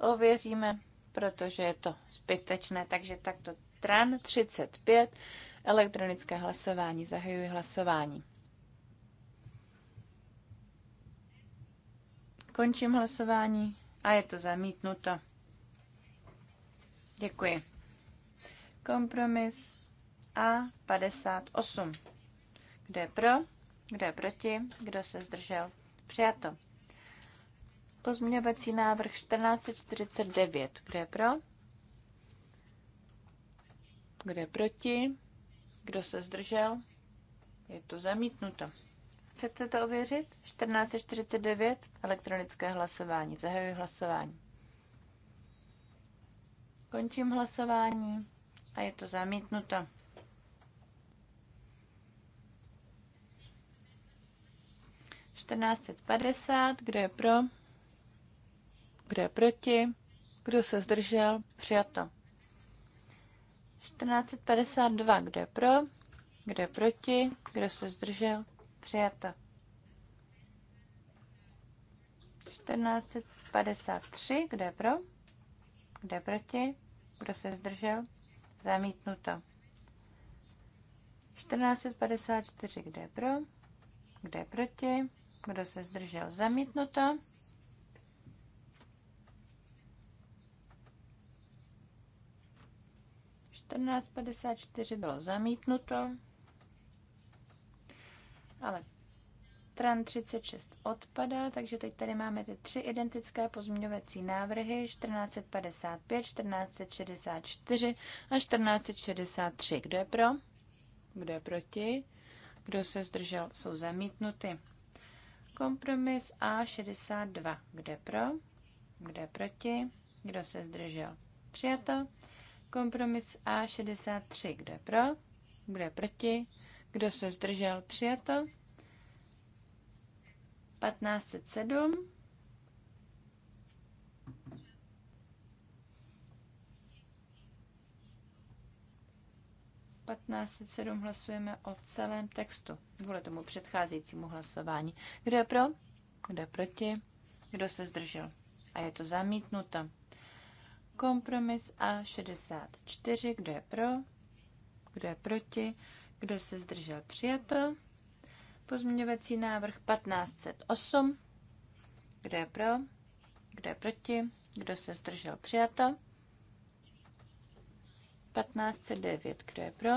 Ověříme, protože je to zbytečné, takže takto Tran 35. Elektronické hlasování. Zahajuji hlasování. Končím hlasování a je to zamítnuto. Děkuji. Kompromis A58. Kdo je pro, kdo je proti, kdo se zdržel? Přijato. Pozměňovací návrh 1449. Kdo je pro? Kdo je proti? Kdo se zdržel? Je to zamítnuto. Chcete to ověřit? 14.49, elektronické hlasování. Zahajuji hlasování. Končím hlasování a je to zamítnuto. padesát, kdo je pro, kdo je proti, kdo se zdržel, přijato. 1452, kdo je pro, kdo je proti, kdo se zdržel, Přijato. 1453, kde je pro? Kde je proti? Kdo se zdržel? Zamítnuto. 1454, kde je pro? Kde je proti? Kdo se zdržel? Zamítnuto. 1454 padesát čtyři bylo zamítnuto ale Tran 36 odpadá, takže teď tady máme ty tři identické pozměňovací návrhy 1455, 1464 a 1463. Kdo je pro? Kdo je proti? Kdo se zdržel? Jsou zamítnuty. Kompromis A62. Kdo je pro? Kdo je proti? Kdo se zdržel? Přijato. Kompromis A63. Kdo je pro? Kdo je proti? Kdo se zdržel? Přijato. 1507. sedm hlasujeme o celém textu, kvůli tomu předcházejícímu hlasování. Kdo je pro? Kdo je proti? Kdo se zdržel? A je to zamítnuto. Kompromis A64. Kdo je pro? Kdo je proti? Kdo se zdržel? Přijato. Pozměňovací návrh 1508. Kdo je pro? Kdo je proti? Kdo se zdržel? Přijato. 1509. Kdo je pro?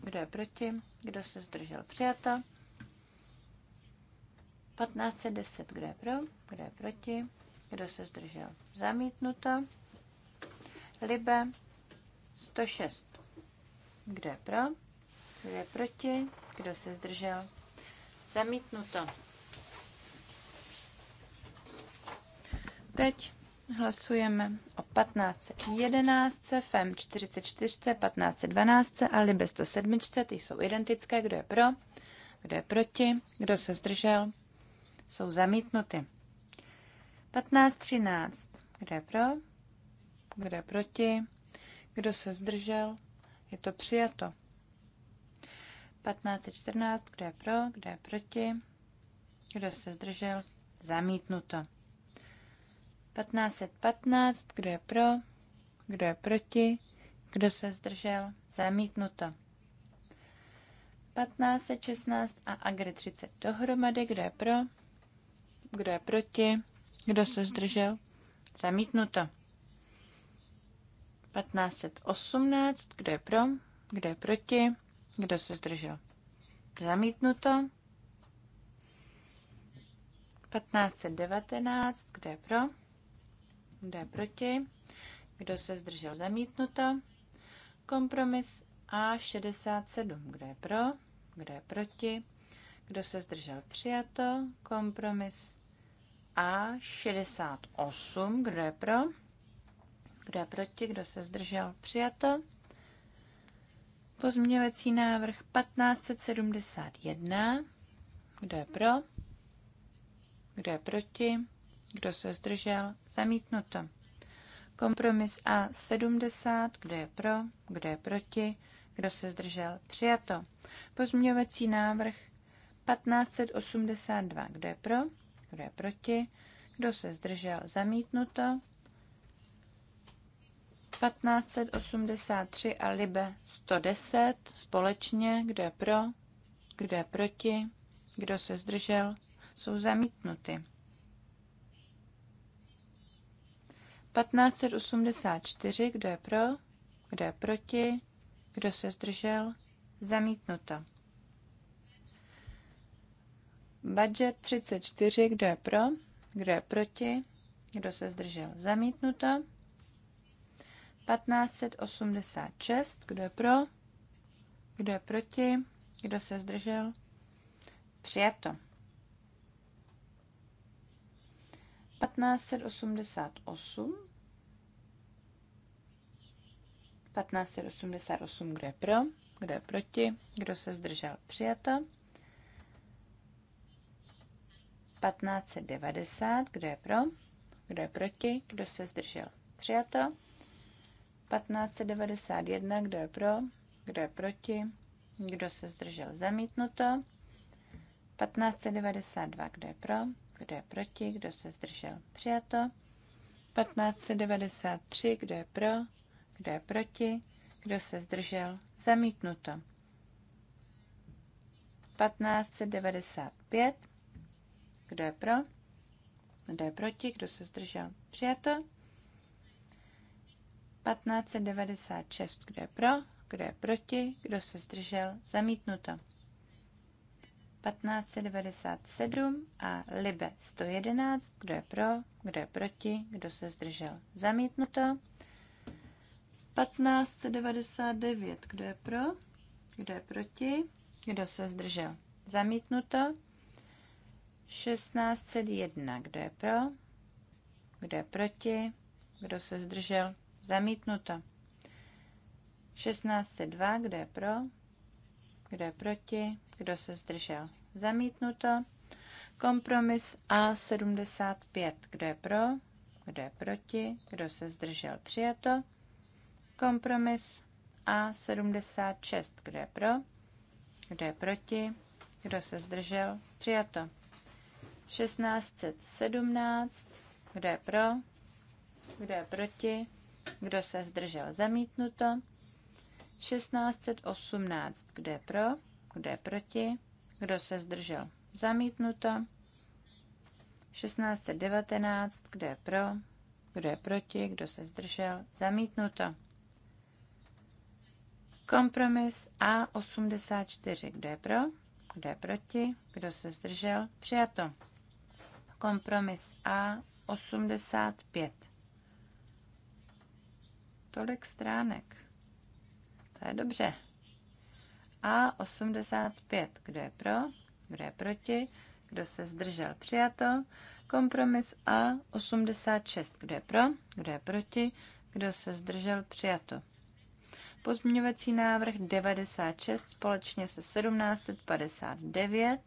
Kdo je proti? Kdo se zdržel? Přijato. 1510. Kdo je pro? Kdo je proti? Kdo se zdržel? Zamítnuto. Libe 106. Kdo je pro? Kdo je proti? Kdo se zdržel? Zamítnuto. Teď hlasujeme o 1511, FEM 44, 1512 a Libe 107, ty jsou identické, kdo je pro, kdo je proti, kdo se zdržel, jsou zamítnuty. 1513, kdo je pro, kdo je proti, kdo se zdržel, je to přijato. 15 14, kdo je pro, kdo je proti, kdo se zdržel, zamítnuto. 1515, kdo je pro, kdo je proti, kdo se zdržel, zamítnuto. 15, 16 a Agri 30 dohromady, kdo je pro, kdo je proti, kdo se zdržel, zamítnuto. 1518, kdo je pro, kdo je proti, kdo se zdržel? Zamítnuto. 1519, kdo je pro? Kdo je proti? Kdo se zdržel? Zamítnuto. Kompromis A67, kdo je pro? Kdo je proti? Kdo se zdržel? Přijato. Kompromis A68, kdo je pro? Kdo je proti? Kdo se zdržel? Přijato. Pozměňovací návrh 1571. Kdo je pro? Kdo je proti? Kdo se zdržel? Zamítnuto. Kompromis A70. Kdo je pro? Kdo je proti? Kdo se zdržel? Přijato. Pozměňovací návrh 1582. Kdo je pro? Kdo je proti? Kdo se zdržel? Zamítnuto. 1583 a Libe 110 společně, kdo je pro, kdo je proti, kdo se zdržel, jsou zamítnuty. 1584, kdo je pro, kdo je proti, kdo se zdržel, zamítnuto. Budget 34, kdo je pro, kdo je proti, kdo se zdržel, zamítnuto. 1586. Kdo je pro? Kdo je proti? Kdo se zdržel? Přijato. 1588. 1588, kdo je pro, kdo je proti, kdo se zdržel, přijato. 1590, kdo je pro, kdo je proti, kdo se zdržel, přijato. 1591, kdo je pro, kdo je proti, kdo se zdržel zamítnuto. 1592, kdo je pro, kdo je proti, kdo se zdržel přijato. 1593, kdo je pro, kdo je proti, kdo se zdržel zamítnuto. 1595, kdo je pro, kdo je proti, kdo se zdržel přijato. 1596. Kdo je pro? Kdo je proti? Kdo se zdržel? Zamítnuto. 1597 a Libe 111. Kdo je pro? Kdo je proti? Kdo se zdržel? Zamítnuto. 1599. Kdo je pro? Kdo je proti? Kdo se zdržel? Zamítnuto. 1601. Kdo je pro? Kdo je proti? Kdo se zdržel? Zamítnuto. 16.2. kdo je pro, kdo je proti, kdo se zdržel. Zamítnuto. Kompromis A75, kdo je pro, kdo je proti, kdo se zdržel. Přijato. Kompromis A76, kdo je pro, kdo je proti, kdo se zdržel. Přijato. 1617, kdo je pro, kdo je proti, kdo se zdržel? Zamítnuto. 1618. Kdo je pro? Kdo je proti? Kdo se zdržel? Zamítnuto. 1619. Kdo je pro? Kdo je proti? Kdo se zdržel? Zamítnuto. Kompromis A84. Kdo je pro? Kdo je proti? Kdo se zdržel? Přijato. Kompromis A85 tolik stránek. To je dobře. A85. Kdo je pro? Kdo je proti? Kdo se zdržel? Přijato. Kompromis A86. Kdo je pro? Kdo je proti? Kdo se zdržel? Přijato. Pozměňovací návrh 96 společně se 1759.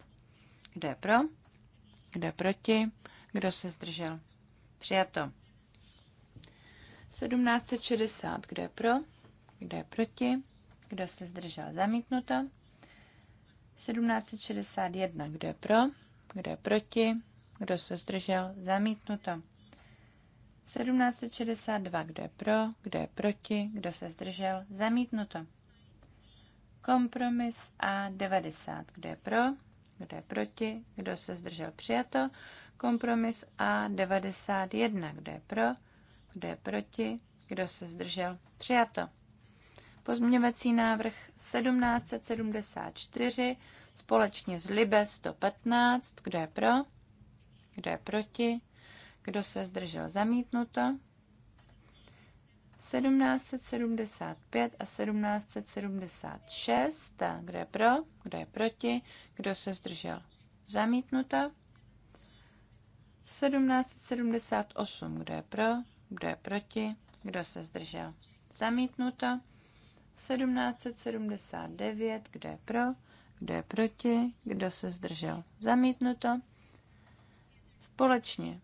Kdo je pro? Kdo je proti? Kdo se zdržel? Přijato. 1760, kdo je pro, kdo je proti, kdo se zdržel zamítnuto. 1761, kdo je pro, kdo je proti, kdo se zdržel zamítnuto. 1762, kdo je pro, kdo je proti, kdo se zdržel zamítnuto. Kompromis A90, kdo je pro, kdo je proti, kdo se zdržel přijato. Kompromis A91, kdo je pro, kdo je proti? Kdo se zdržel? Přijato. Pozměňovací návrh 1774 společně s Libe 115. Kdo je pro? Kdo je proti? Kdo se zdržel? Zamítnuto. 1775 a 1776. Kdo je pro? Kdo je proti? Kdo se zdržel? Zamítnuto. 1778. Kdo je pro? Kdo je proti? Kdo se zdržel? Zamítnuto. 1779. Kdo je pro? Kdo je proti? Kdo se zdržel? Zamítnuto. Společně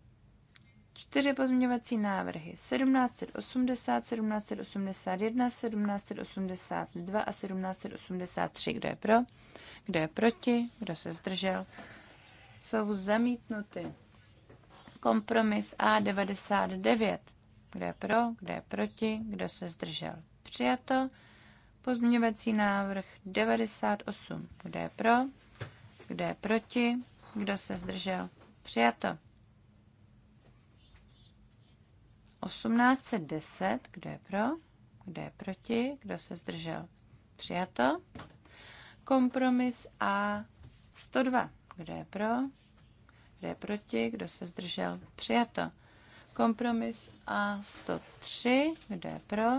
čtyři pozměňovací návrhy 1780, 1781, 1782 a 1783. Kdo je pro? Kdo je proti? Kdo se zdržel? Jsou zamítnuty. Kompromis A99. Kdo je pro, kdo je proti, kdo se zdržel? Přijato. Pozměňovací návrh 98. Kdo je pro, kdo je proti, kdo se zdržel? Přijato. 1810. Kdo je pro, kdo je proti, kdo se zdržel? Přijato. Kompromis A 102. Kdo je pro, kdo je proti, kdo se zdržel? Přijato. Kompromis A103, kdo je pro,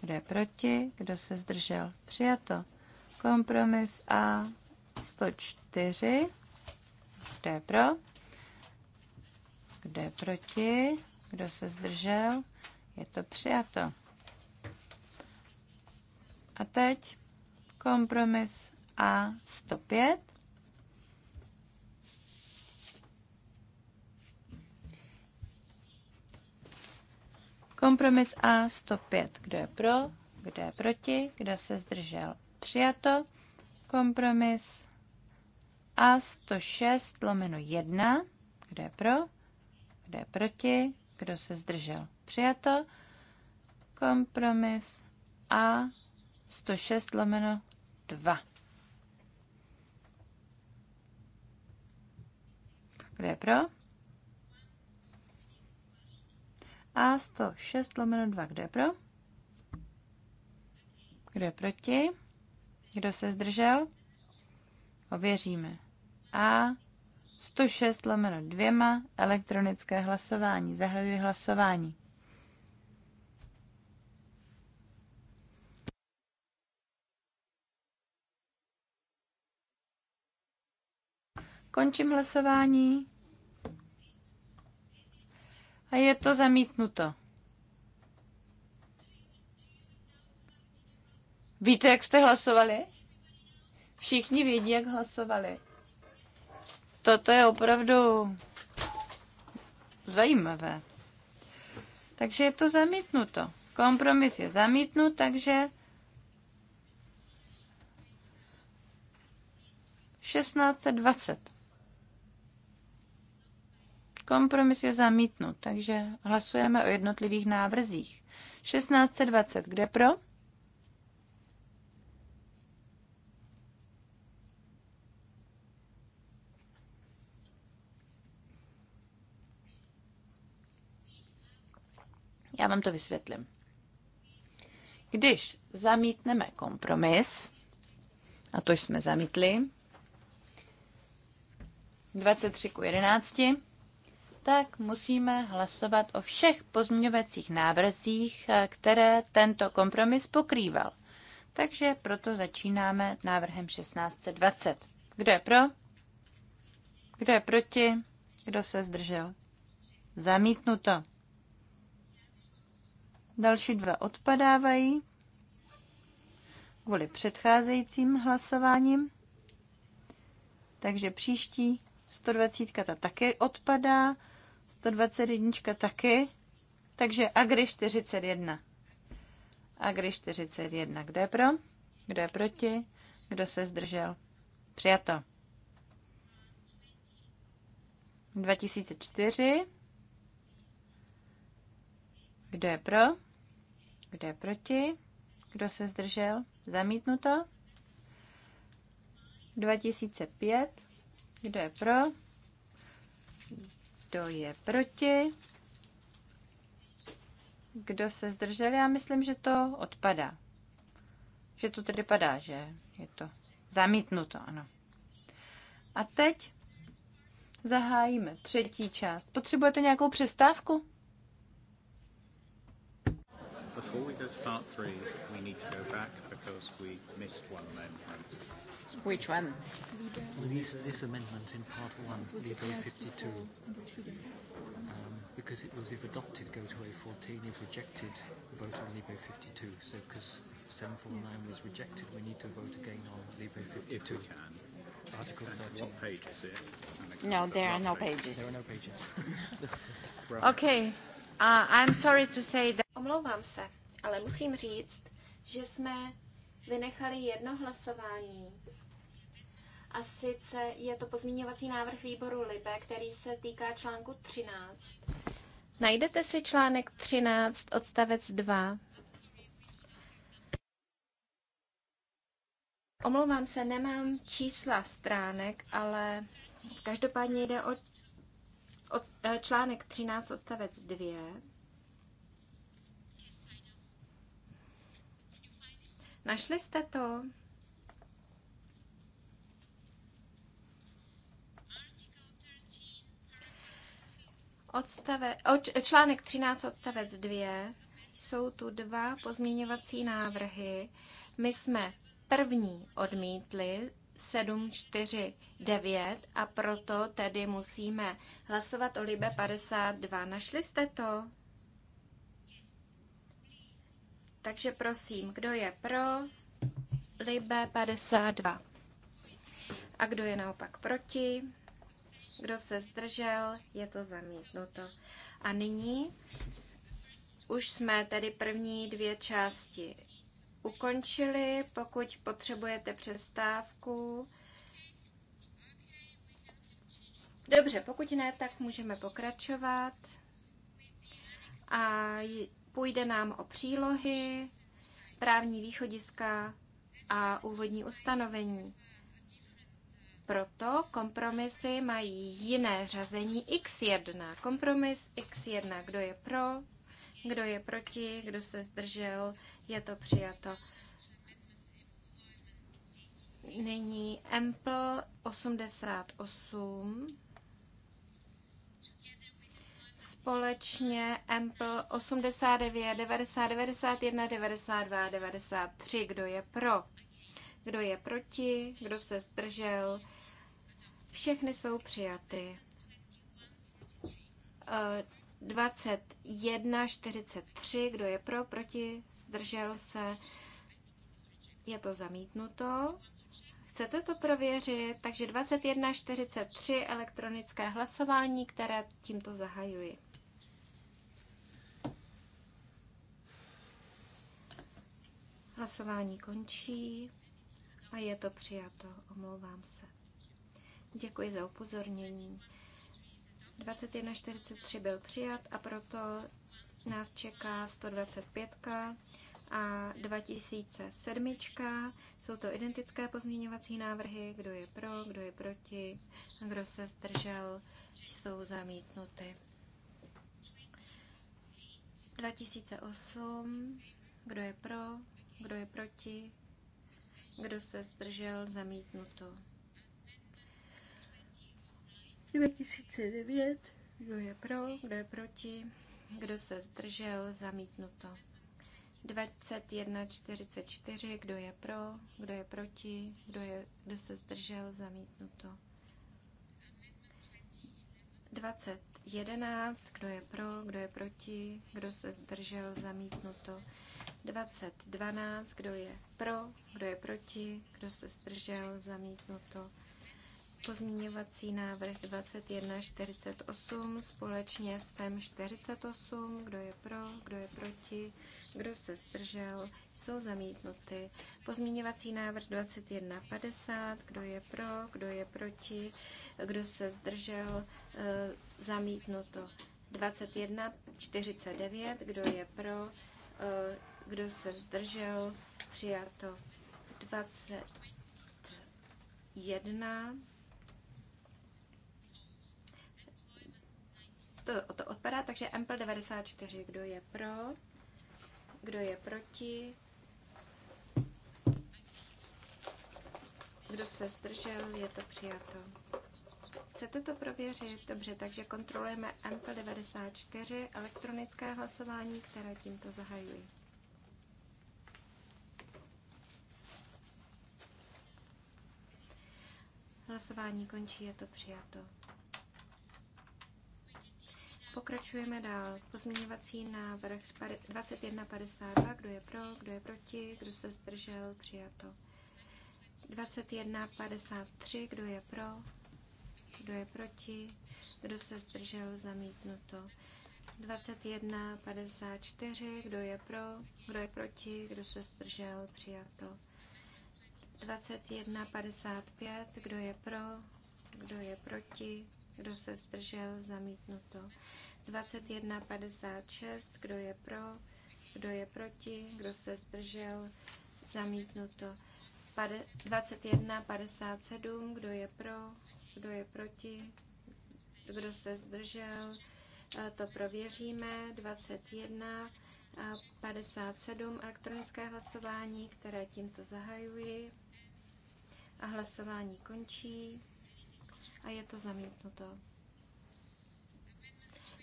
kdo je proti, kdo se zdržel, přijato. Kompromis A104, kdo je pro, kdo je proti, kdo se zdržel, je to přijato. A teď kompromis A105. Kompromis A 105. Kdo je pro? Kdo je proti? Kdo se zdržel? Přijato. Kompromis A 106 lomeno 1. Kdo je pro? Kdo je proti? Kdo se zdržel? Přijato. Kompromis A 106 lomeno 2. Kdo je pro? a 106 lomeno 2. Kdo je pro? Kdo je proti? Kdo se zdržel? Ověříme. A 106 lomeno 2 elektronické hlasování. Zahajuji hlasování. Končím hlasování a je to zamítnuto. Víte, jak jste hlasovali? Všichni vědí, jak hlasovali. Toto je opravdu zajímavé. Takže je to zamítnuto. Kompromis je zamítnut, takže 1620. Kompromis je zamítnut, takže hlasujeme o jednotlivých návrzích. 1620, kde pro? Já vám to vysvětlím. Když zamítneme kompromis, a to jsme zamítli, 23 ku 11, tak musíme hlasovat o všech pozměňovacích návrzích, eh, které tento kompromis pokrýval. Takže proto začínáme návrhem 1620. Kdo je pro? Kdo je proti? Kdo se zdržel? Zamítnuto. Další dva odpadávají kvůli předcházejícím hlasováním. Takže příští 120 ta také odpadá. 121 taky, takže Agri 41. Agri 41. Kdo je pro? Kdo je proti? Kdo se zdržel? Přijato. 2004. Kdo je pro? Kdo je proti? Kdo se zdržel? Zamítnuto. 2005. Kdo je pro? Kdo je proti? Kdo se zdržel? Já myslím, že to odpadá. Že to tedy padá, že je to zamítnuto, ano. A teď zahájíme třetí část. Potřebujete nějakou přestávku? Before we go to part three, we need to go back because we missed one moment. Which one? These, this amendment in part one, Libre 52. Um, because it was, if adopted, go to A14. If rejected, vote on Libre 52. So because 749 was rejected, we need to vote again on Libre 52. If we can. Article 13. What page is it? No, there are no pages. There are no pages. Okay. Uh, I'm sorry to say that... Omlouvám se, ale musím říct, že jsme vynechali jedno hlasování. A sice je to pozměňovací návrh výboru LIBE, který se týká článku 13. Najdete si článek 13, odstavec 2. Omlouvám se, nemám čísla stránek, ale každopádně jde o, o eh, článek 13, odstavec 2 Našli jste to? Odstave, od, článek 13 odstavec 2 jsou tu dva pozměňovací návrhy. My jsme první odmítli 749 a proto tedy musíme hlasovat o Libe 52. Našli jste to? Takže prosím, kdo je pro Libe 52? A kdo je naopak proti? Kdo se zdržel? Je to zamítnuto. A nyní už jsme tedy první dvě části ukončili. Pokud potřebujete přestávku, Dobře, pokud ne, tak můžeme pokračovat. A Půjde nám o přílohy, právní východiska a úvodní ustanovení. Proto kompromisy mají jiné řazení x1. Kompromis x1, kdo je pro, kdo je proti, kdo se zdržel, je to přijato. Nyní Ample 88 společně Ample 89, 90, 91, 92, 93. Kdo je pro? Kdo je proti? Kdo se zdržel? Všechny jsou přijaty. 21, eh, 43. Kdo je pro? Proti? Zdržel se? Je to zamítnuto. Chcete to prověřit? Takže 21.43 elektronické hlasování, které tímto zahajuji. Hlasování končí a je to přijato. Omlouvám se. Děkuji za upozornění. 21.43 byl přijat a proto nás čeká 125 a 2007. Jsou to identické pozměňovací návrhy, kdo je pro, kdo je proti, kdo se zdržel, jsou zamítnuty. 2008, kdo je pro, kdo je proti, kdo se zdržel, zamítnuto. 2009, kdo je pro, kdo je proti, kdo se zdržel, zamítnuto. 21.44, kdo je pro, kdo je proti, kdo, je, kdo se zdržel, zamítnuto. 20.11, kdo je pro, kdo je proti, kdo se zdržel, zamítnuto. 20.12, kdo je pro, kdo je proti, kdo se zdržel, zamítnuto. Pozměňovací návrh 2148 společně s FEM 48, kdo je pro, kdo je proti, kdo se zdržel, jsou zamítnuty. Pozměňovací návrh 2150, kdo je pro, kdo je proti, kdo se zdržel, eh, zamítnuto. 2149, kdo je pro, eh, kdo se zdržel, přijato. 21 to, to odpadá, takže MPL 94, kdo je pro? Kdo je proti? Kdo se zdržel? Je to přijato. Chcete to prověřit? Dobře, takže kontrolujeme MP94, elektronické hlasování, které tímto zahajuji. Hlasování končí, je to přijato. Pokračujeme dál. Pozměňovací návrh 2152. Kdo je pro, kdo je proti, kdo se zdržel, přijato. 2153. Kdo je pro, kdo je proti, kdo se zdržel, zamítnuto. 2154. Kdo je pro, kdo je proti, kdo se zdržel, přijato. 2155. Kdo je pro, kdo je proti, kdo se zdržel, zamítnuto. 2156, kdo je pro, kdo je proti, kdo se zdržel, zamítnuto. 2157, kdo je pro, kdo je proti, kdo se zdržel, e, to prověříme. 21 57 elektronické hlasování, které tímto zahajuji. A hlasování končí a je to zamítnuto.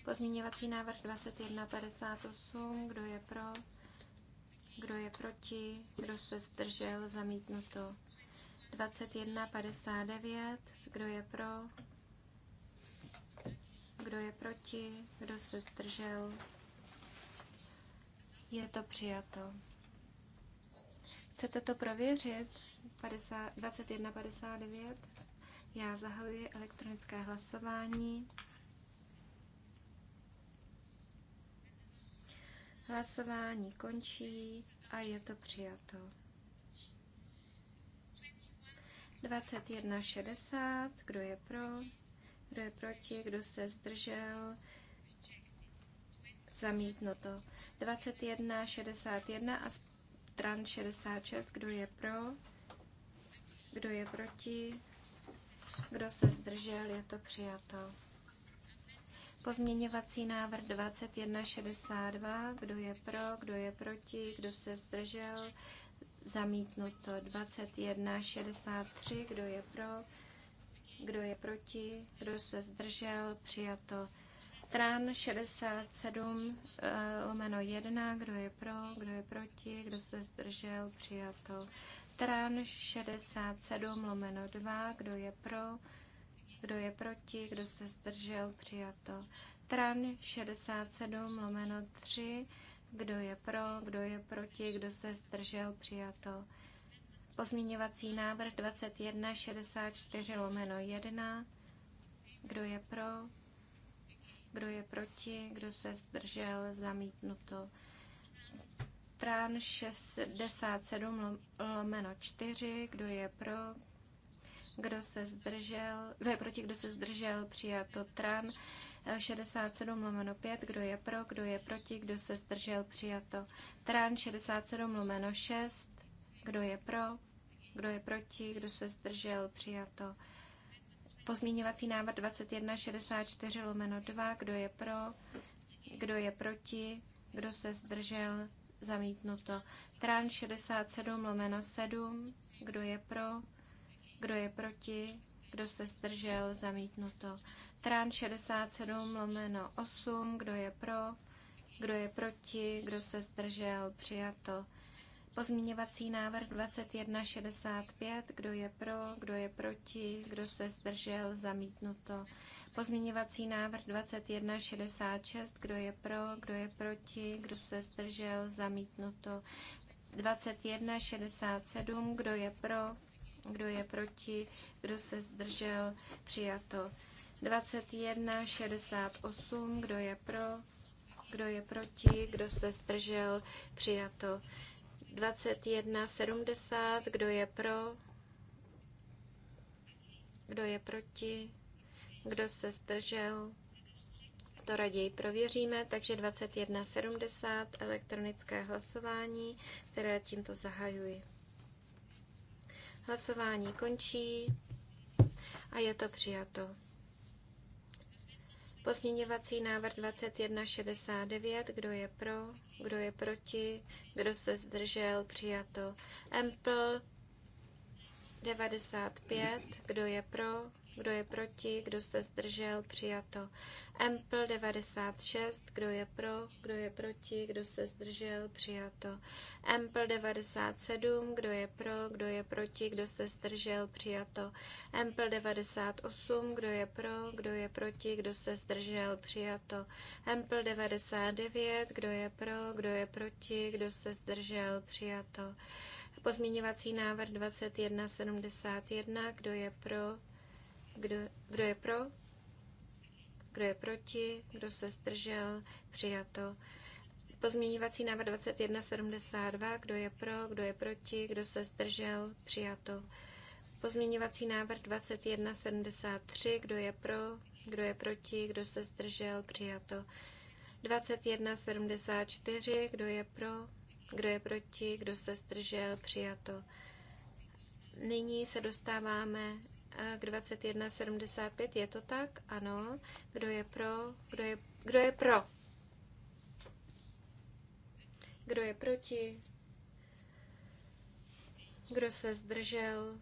Pozměňovací návrh 2158, kdo je pro, kdo je proti, kdo se zdržel, zamítnuto. 2159, kdo je pro, kdo je proti, kdo se zdržel, je to přijato. Chcete to prověřit? 2159? Já zahajuji elektronické hlasování. Hlasování končí a je to přijato. 21.60. Kdo je pro? Kdo je proti? Kdo se zdržel? zamítno to. 21.61 a stran 66. Kdo je pro? Kdo je proti? Kdo se zdržel, je to přijato. Pozměňovací návrh 2162. Kdo je pro, kdo je proti, kdo se zdržel, zamítnuto. 2163. Kdo je pro, kdo je proti, kdo se zdržel, přijato. Tran 67 eh, lomeno 1, kdo je pro, kdo je proti, kdo se zdržel, přijato stran 67 lomeno 2, kdo je pro, kdo je proti, kdo se zdržel, přijato. Tran 67 lomeno 3, kdo je pro, kdo je proti, kdo se zdržel, přijato. Pozměňovací návrh 21 64 lomeno 1, kdo je pro, kdo je proti, kdo se zdržel, zamítnuto stran 67 lomeno 4, kdo je pro, kdo se zdržel, kdo je proti, kdo se zdržel, přijato tran 67 lomeno 5, kdo je pro, kdo je proti, kdo se zdržel, přijato tran 67 lomeno 6, kdo je pro, kdo je proti, kdo se zdržel, přijato pozměňovací návrh 2164 lomeno 2, kdo je pro, kdo je proti, kdo se zdržel, zamítnuto. Trán 67 lomeno 7, kdo je pro, kdo je proti, kdo se zdržel, zamítnuto. Trán 67 lomeno 8, kdo je pro, kdo je proti, kdo se zdržel, přijato. Pozměňovací návrh 2165, kdo je pro, kdo je proti, kdo se zdržel, zamítnuto. Pozměňovací návrh 2166, kdo je pro, kdo je proti, kdo se zdržel, zamítnuto. 2167, kdo je pro, kdo je proti, kdo se zdržel, přijato. 2168, kdo je pro, kdo je proti, kdo se zdržel, přijato. 2170, kdo je pro, kdo je proti, kdo se zdržel, to raději prověříme, takže 2170 elektronické hlasování, které tímto zahajuji. Hlasování končí a je to přijato. Pozměňovací návrh 2169, kdo je pro, kdo je proti, kdo se zdržel, přijato. Empl 95, kdo je pro, kdo je proti, kdo se zdržel, přijato. Empl 96, kdo je pro, kdo je proti, kdo se zdržel, přijato. Empl 97, kdo je pro, kdo je proti, kdo se zdržel, přijato. Empl 98, kdo je pro, kdo je proti, kdo se zdržel, přijato. Empl 99, kdo je pro, kdo je proti, kdo se zdržel, přijato. Pozměňovací návrh 2171, kdo je pro, kdo, kdo je pro? Kdo je proti? Kdo se zdržel? Přijato. Pozměňovací návrh 2172. Kdo je pro? Kdo je proti? Kdo se zdržel? Přijato. Pozměňovací návrh 2173. Kdo je pro? Kdo je proti? Kdo se zdržel? Přijato. 2174. Kdo je pro? Kdo je proti? Kdo se zdržel? Přijato. Nyní se dostáváme k 21.75. Je to tak? Ano. Kdo je pro? Kdo je, kdo je pro? Kdo je proti? Kdo se zdržel?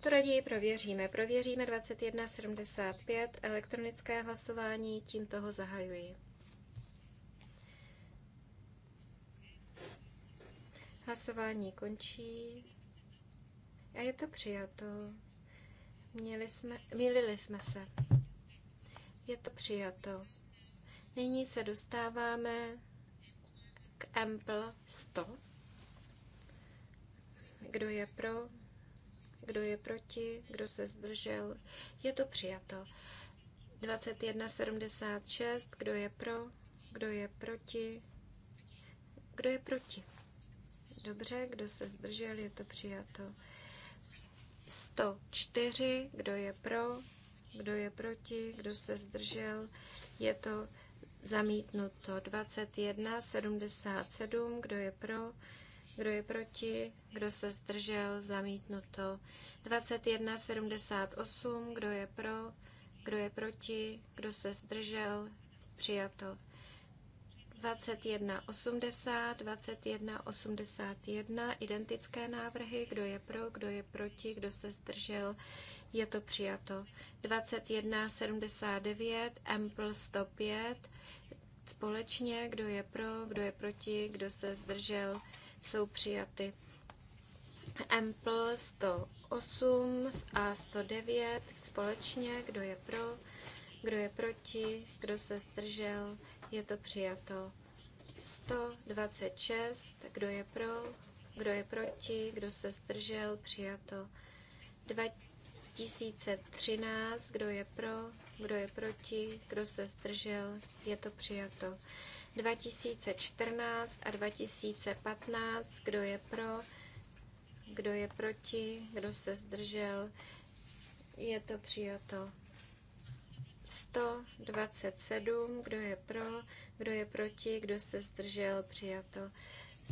To raději prověříme. Prověříme 21.75. Elektronické hlasování. Tím toho zahajuji. Hlasování končí. A je to přijato. Měli jsme, mýlili jsme se. Je to přijato. Nyní se dostáváme k Ample 100. Kdo je pro? Kdo je proti? Kdo se zdržel? Je to přijato. 2176. Kdo je pro? Kdo je proti? Kdo je proti? Dobře, kdo se zdržel, je to přijato. 104, kdo je pro, kdo je proti, kdo se zdržel, je to zamítnuto. 21, 77, kdo je pro, kdo je proti? Kdo se zdržel? Zamítnuto. 2178. Kdo je pro? Kdo je proti? Kdo se zdržel? Přijato. 2180, 2181, identické návrhy, kdo je pro, kdo je proti, kdo se zdržel, je to přijato. 2179, Ample 105, společně, kdo je pro, kdo je proti, kdo se zdržel, jsou přijaty. Ample 108 a 109 společně, kdo je pro, kdo je proti? Kdo se zdržel? Je to přijato. 126. Kdo je pro? Kdo je proti? Kdo se zdržel? Přijato. 2013. Kdo je pro? Kdo je proti? Kdo se zdržel? Je to přijato. 2014 a 2015. Kdo je pro? Kdo je proti? Kdo se zdržel? Je to přijato. 127, kdo je pro, kdo je proti, kdo se zdržel, přijato.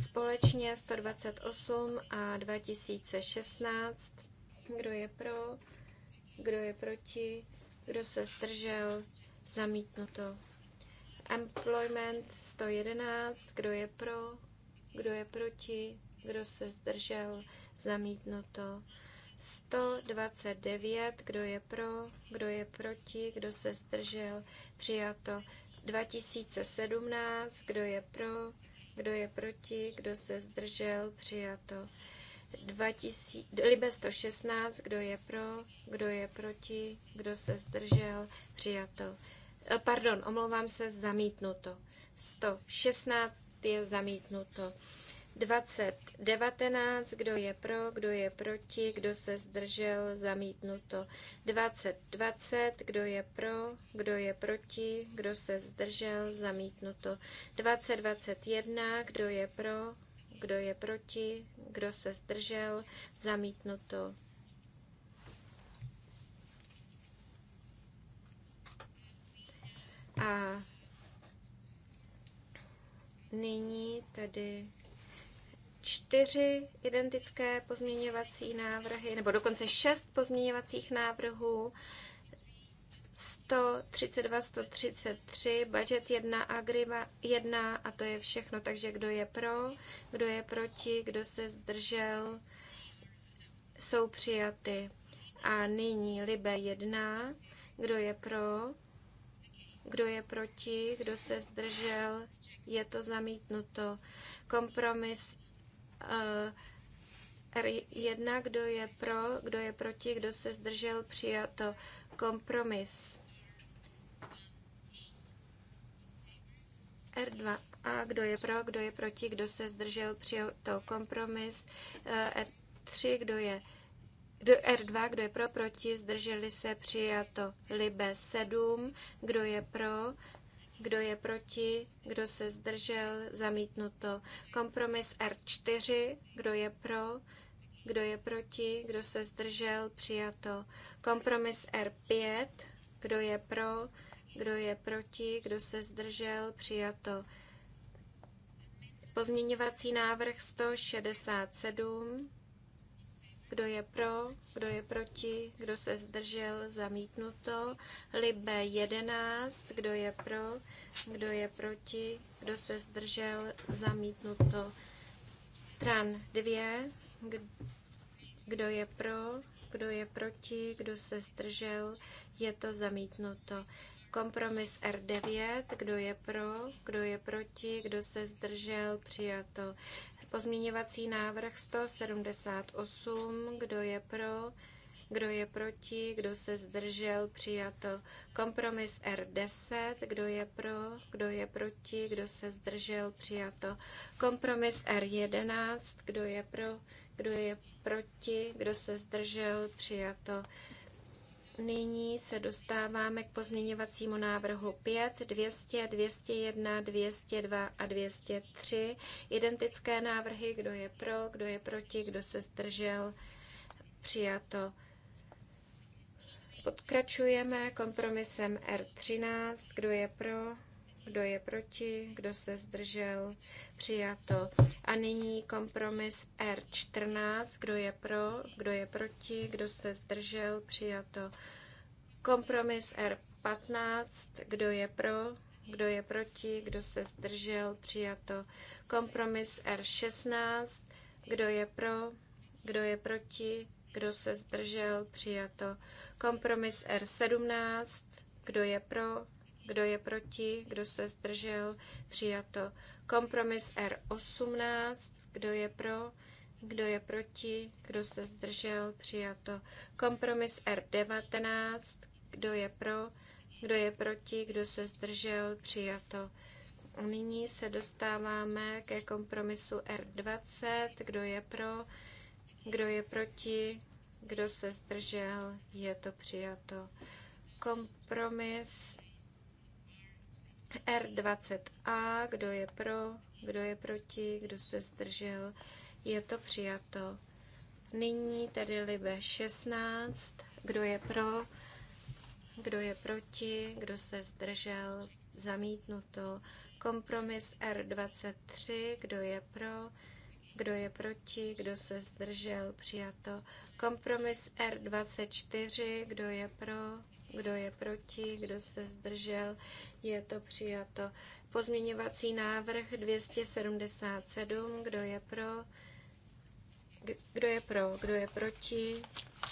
Společně 128 a 2016, kdo je pro, kdo je proti, kdo se zdržel, zamítnuto. Employment 111, kdo je pro, kdo je proti, kdo se zdržel, zamítnuto. 129, kdo je pro, kdo je proti, kdo se zdržel, přijato 2017, kdo je pro, kdo je proti, kdo se zdržel, přijato 2000, Libe 116, kdo je pro, kdo je proti, kdo se zdržel, přijato. Eh, pardon, omlouvám se, zamítnuto. 116 je zamítnuto. 2019, kdo je pro, kdo je proti, kdo se zdržel, zamítnuto. 2020, kdo je pro, kdo je proti, kdo se zdržel, zamítnuto. 2021, kdo je pro, kdo je proti, kdo se zdržel, zamítnuto. A nyní tedy čtyři identické pozměňovací návrhy, nebo dokonce šest pozměňovacích návrhů. 132, 133, budget 1, agriva 1 a to je všechno. Takže kdo je pro, kdo je proti, kdo se zdržel, jsou přijaty. A nyní Libe 1, kdo je pro, kdo je proti, kdo se zdržel, je to zamítnuto. Kompromis Eh, R1, kdo je pro, kdo je proti, kdo se zdržel, přijato. Kompromis. R2. A kdo je pro, kdo je proti, kdo se zdržel, přijato. Kompromis. Eh, R3, kdo je kdo, R2, kdo je pro, proti, zdrželi se, přijato. Libe 7, kdo je pro, kdo je proti, kdo se zdržel, zamítnuto. Kompromis R4, kdo je pro, kdo je proti, kdo se zdržel, přijato. Kompromis R5, kdo je pro, kdo je proti, kdo se zdržel, přijato. Pozměňovací návrh 167, kdo je pro? Kdo je proti? Kdo se zdržel? Zamítnuto. Libe 11. Kdo je pro? Kdo je proti? Kdo se zdržel? Zamítnuto. Tran 2. Kdo je pro? Kdo je proti? Kdo se zdržel? Je to zamítnuto. Kompromis R9, kdo je pro, kdo je proti, kdo se zdržel, přijato. Pozměňovací návrh 178, kdo je pro, kdo je proti, kdo se zdržel, přijato. Kompromis R10, kdo je pro, kdo je proti, kdo se zdržel, přijato. Kompromis R11, kdo je pro, kdo je proti, kdo se zdržel, přijato nyní se dostáváme k pozměňovacímu návrhu 5, 200, 201, 202 a 203. Identické návrhy, kdo je pro, kdo je proti, kdo se zdržel, přijato. Podkračujeme kompromisem R13, kdo je pro, kdo je proti, kdo se zdržel, přijato. A nyní kompromis R14, kdo je pro, kdo je proti, kdo se zdržel, přijato. Kompromis R15, kdo je pro, kdo je proti, kdo se zdržel, přijato. Kompromis R16, kdo je pro, kdo je proti, kdo se zdržel, přijato. Kompromis R17, kdo je pro, kdo je proti, kdo se zdržel, přijato. Kompromis R18, kdo je pro, kdo je proti, kdo se zdržel, přijato. Kompromis R19, kdo je pro, kdo je proti, kdo se zdržel, přijato. Nyní se dostáváme ke kompromisu R20, kdo je pro, kdo je proti, kdo se zdržel, je to přijato. Kompromis R20A, kdo je pro, kdo je proti, kdo se zdržel, je to přijato. Nyní tedy Libe 16, kdo je pro, kdo je proti, kdo se zdržel, zamítnuto. Kompromis R23, kdo je pro, kdo je proti, kdo se zdržel, přijato. Kompromis R24, kdo je pro, kdo je proti, kdo se zdržel, je to přijato. Pozměňovací návrh 277, kdo je pro, kdo je pro, kdo je proti,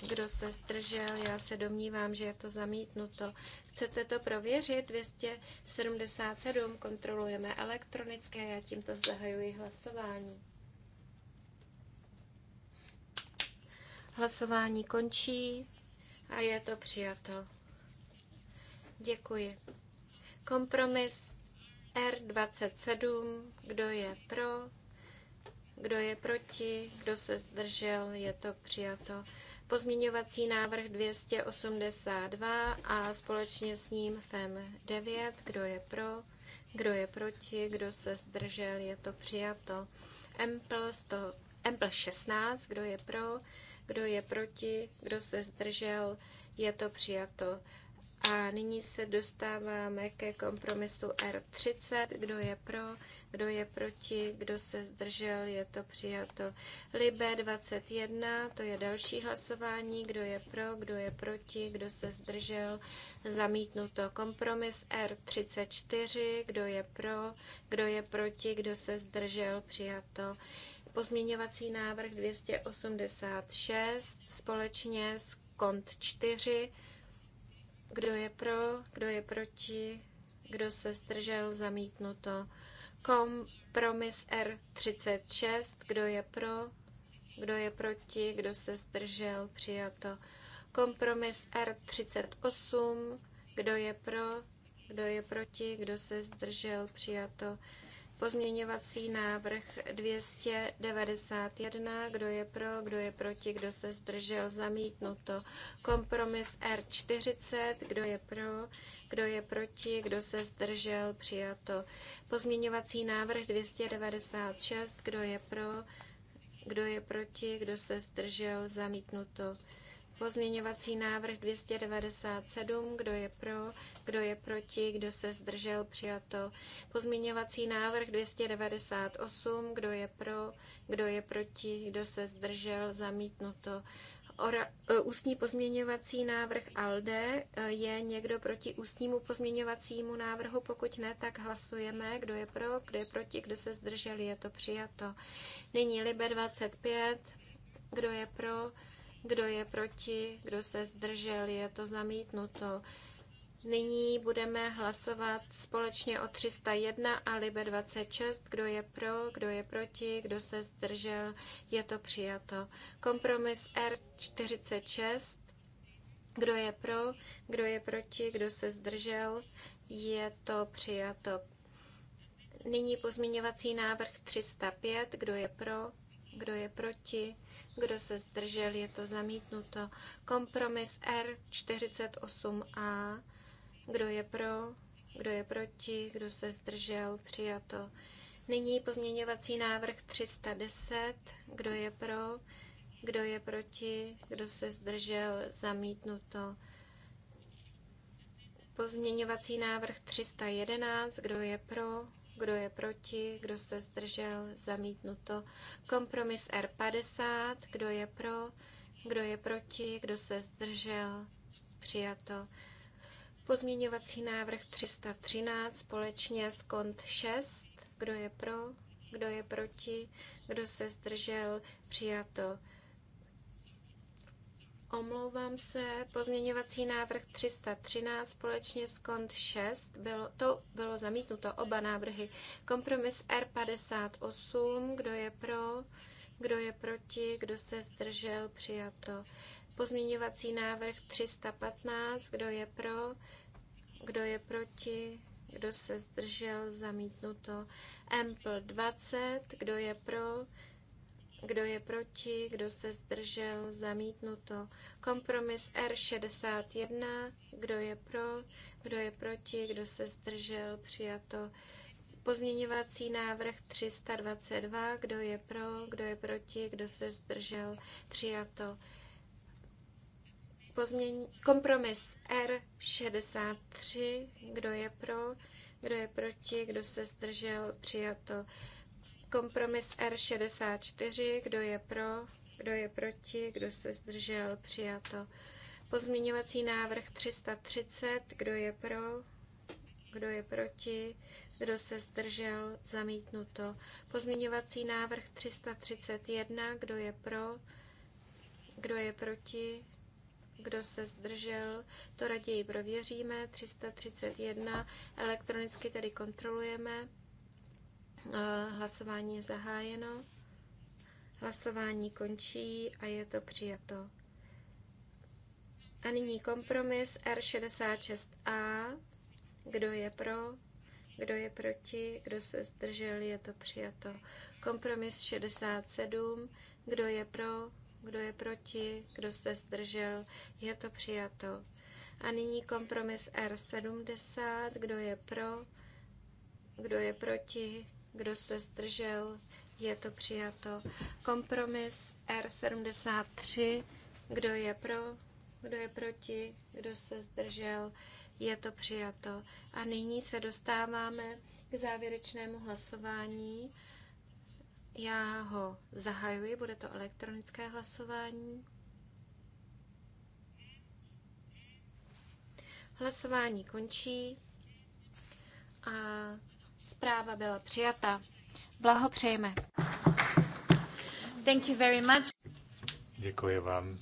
kdo se zdržel, já se domnívám, že je to zamítnuto. Chcete to prověřit? 277 kontrolujeme elektronické a já tímto zahajuji hlasování. Hlasování končí a je to přijato. Děkuji. Kompromis R27, kdo je pro, kdo je proti, kdo se zdržel, je to přijato. Pozměňovací návrh 282 a společně s ním FEM 9, kdo je pro, kdo je proti, kdo se zdržel, je to přijato. Empl, 16, kdo je pro, kdo je proti, kdo se zdržel, je to přijato. A nyní se dostáváme ke kompromisu R30. Kdo je pro, kdo je proti, kdo se zdržel, je to přijato. Libe 21, to je další hlasování. Kdo je pro, kdo je proti, kdo se zdržel, zamítnuto. Kompromis R34, kdo je pro, kdo je proti, kdo se zdržel, přijato. Pozměňovací návrh 286 společně s kont 4 kdo je pro, kdo je proti, kdo se zdržel, zamítnuto. Kompromis R36, kdo je pro, kdo je proti, kdo se zdržel, přijato. Kompromis R38, kdo je pro, kdo je proti, kdo se zdržel, přijato. Pozměňovací návrh 291. Kdo je pro, kdo je proti, kdo se zdržel, zamítnuto. Kompromis R40. Kdo je pro, kdo je proti, kdo se zdržel, přijato. Pozměňovací návrh 296. Kdo je pro, kdo je proti, kdo se zdržel, zamítnuto. Pozměňovací návrh 297, kdo je pro, kdo je proti, kdo se zdržel, přijato. Pozměňovací návrh 298, kdo je pro, kdo je proti, kdo se zdržel, zamítnuto. Ora, eh, ústní pozměňovací návrh ALDE. Eh, je někdo proti ústnímu pozměňovacímu návrhu? Pokud ne, tak hlasujeme. Kdo je pro, kdo je proti, kdo se zdržel, je to přijato. Nyní Libe 25. Kdo je pro? kdo je proti, kdo se zdržel, je to zamítnuto. Nyní budeme hlasovat společně o 301 a Libe 26. Kdo je pro, kdo je proti, kdo se zdržel, je to přijato. Kompromis R46. Kdo je pro, kdo je proti, kdo se zdržel, je to přijato. Nyní pozměňovací návrh 305. Kdo je pro, kdo je proti, kdo se zdržel, je to zamítnuto. Kompromis R48A, kdo je pro, kdo je proti, kdo se zdržel, přijato. Nyní pozměňovací návrh 310, kdo je pro, kdo je proti, kdo se zdržel, zamítnuto. Pozměňovací návrh 311, kdo je pro, kdo je proti, kdo se zdržel, zamítnuto. Kompromis R50, kdo je pro, kdo je proti, kdo se zdržel, přijato. Pozměňovací návrh 313 společně s kont 6, kdo je pro, kdo je proti, kdo se zdržel, přijato. Omlouvám se, pozměňovací návrh 313 společně s kont 6, bylo, to bylo zamítnuto, oba návrhy. Kompromis R58, kdo je pro, kdo je proti, kdo se zdržel, přijato. Pozměňovací návrh 315, kdo je pro, kdo je proti, kdo se zdržel, zamítnuto. Ample 20, kdo je pro, kdo je proti? Kdo se zdržel? Zamítnuto. Kompromis R61. Kdo je pro? Kdo je proti? Kdo se zdržel? Přijato. Pozměňovací návrh 322. Kdo je pro? Kdo je proti? Kdo se zdržel? Přijato. Pozměň... Kompromis R63. Kdo je pro? Kdo je proti? Kdo se zdržel? Přijato. Kompromis R64, kdo je pro, kdo je proti, kdo se zdržel, přijato. Pozměňovací návrh 330, kdo je pro, kdo je proti, kdo se zdržel, zamítnuto. Pozměňovací návrh 331, kdo je pro, kdo je proti, kdo se zdržel, to raději prověříme. 331 elektronicky tedy kontrolujeme. Eh, hlasování je zahájeno. Hlasování končí a je to přijato. A nyní kompromis R66A. Kdo je pro? Kdo je proti? Kdo se zdržel? Je to přijato. Kompromis 67. Kdo je pro? Kdo je proti? Kdo se zdržel? Je to přijato. A nyní kompromis R70. Kdo je pro? Kdo je proti? kdo se zdržel, je to přijato. Kompromis R73, kdo je pro, kdo je proti, kdo se zdržel, je to přijato. A nyní se dostáváme k závěrečnému hlasování. Já ho zahajuji, bude to elektronické hlasování. Hlasování končí a Zpráva byla přijata. Blahopřejeme. Thank you very much. Děkuji vám.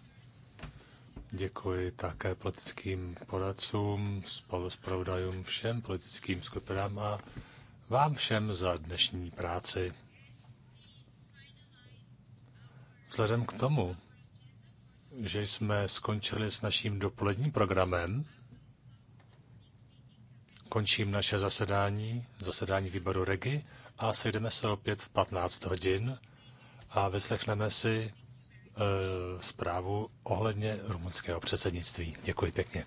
Děkuji také politickým poradcům, spoluzpravodajům všem politickým skupinám a vám všem za dnešní práci. Vzhledem k tomu, že jsme skončili s naším dopoledním programem, Končím naše zasedání, zasedání výboru REGI a sejdeme se opět v 15 hodin a vyslechneme si e, zprávu ohledně rumunského předsednictví. Děkuji pěkně.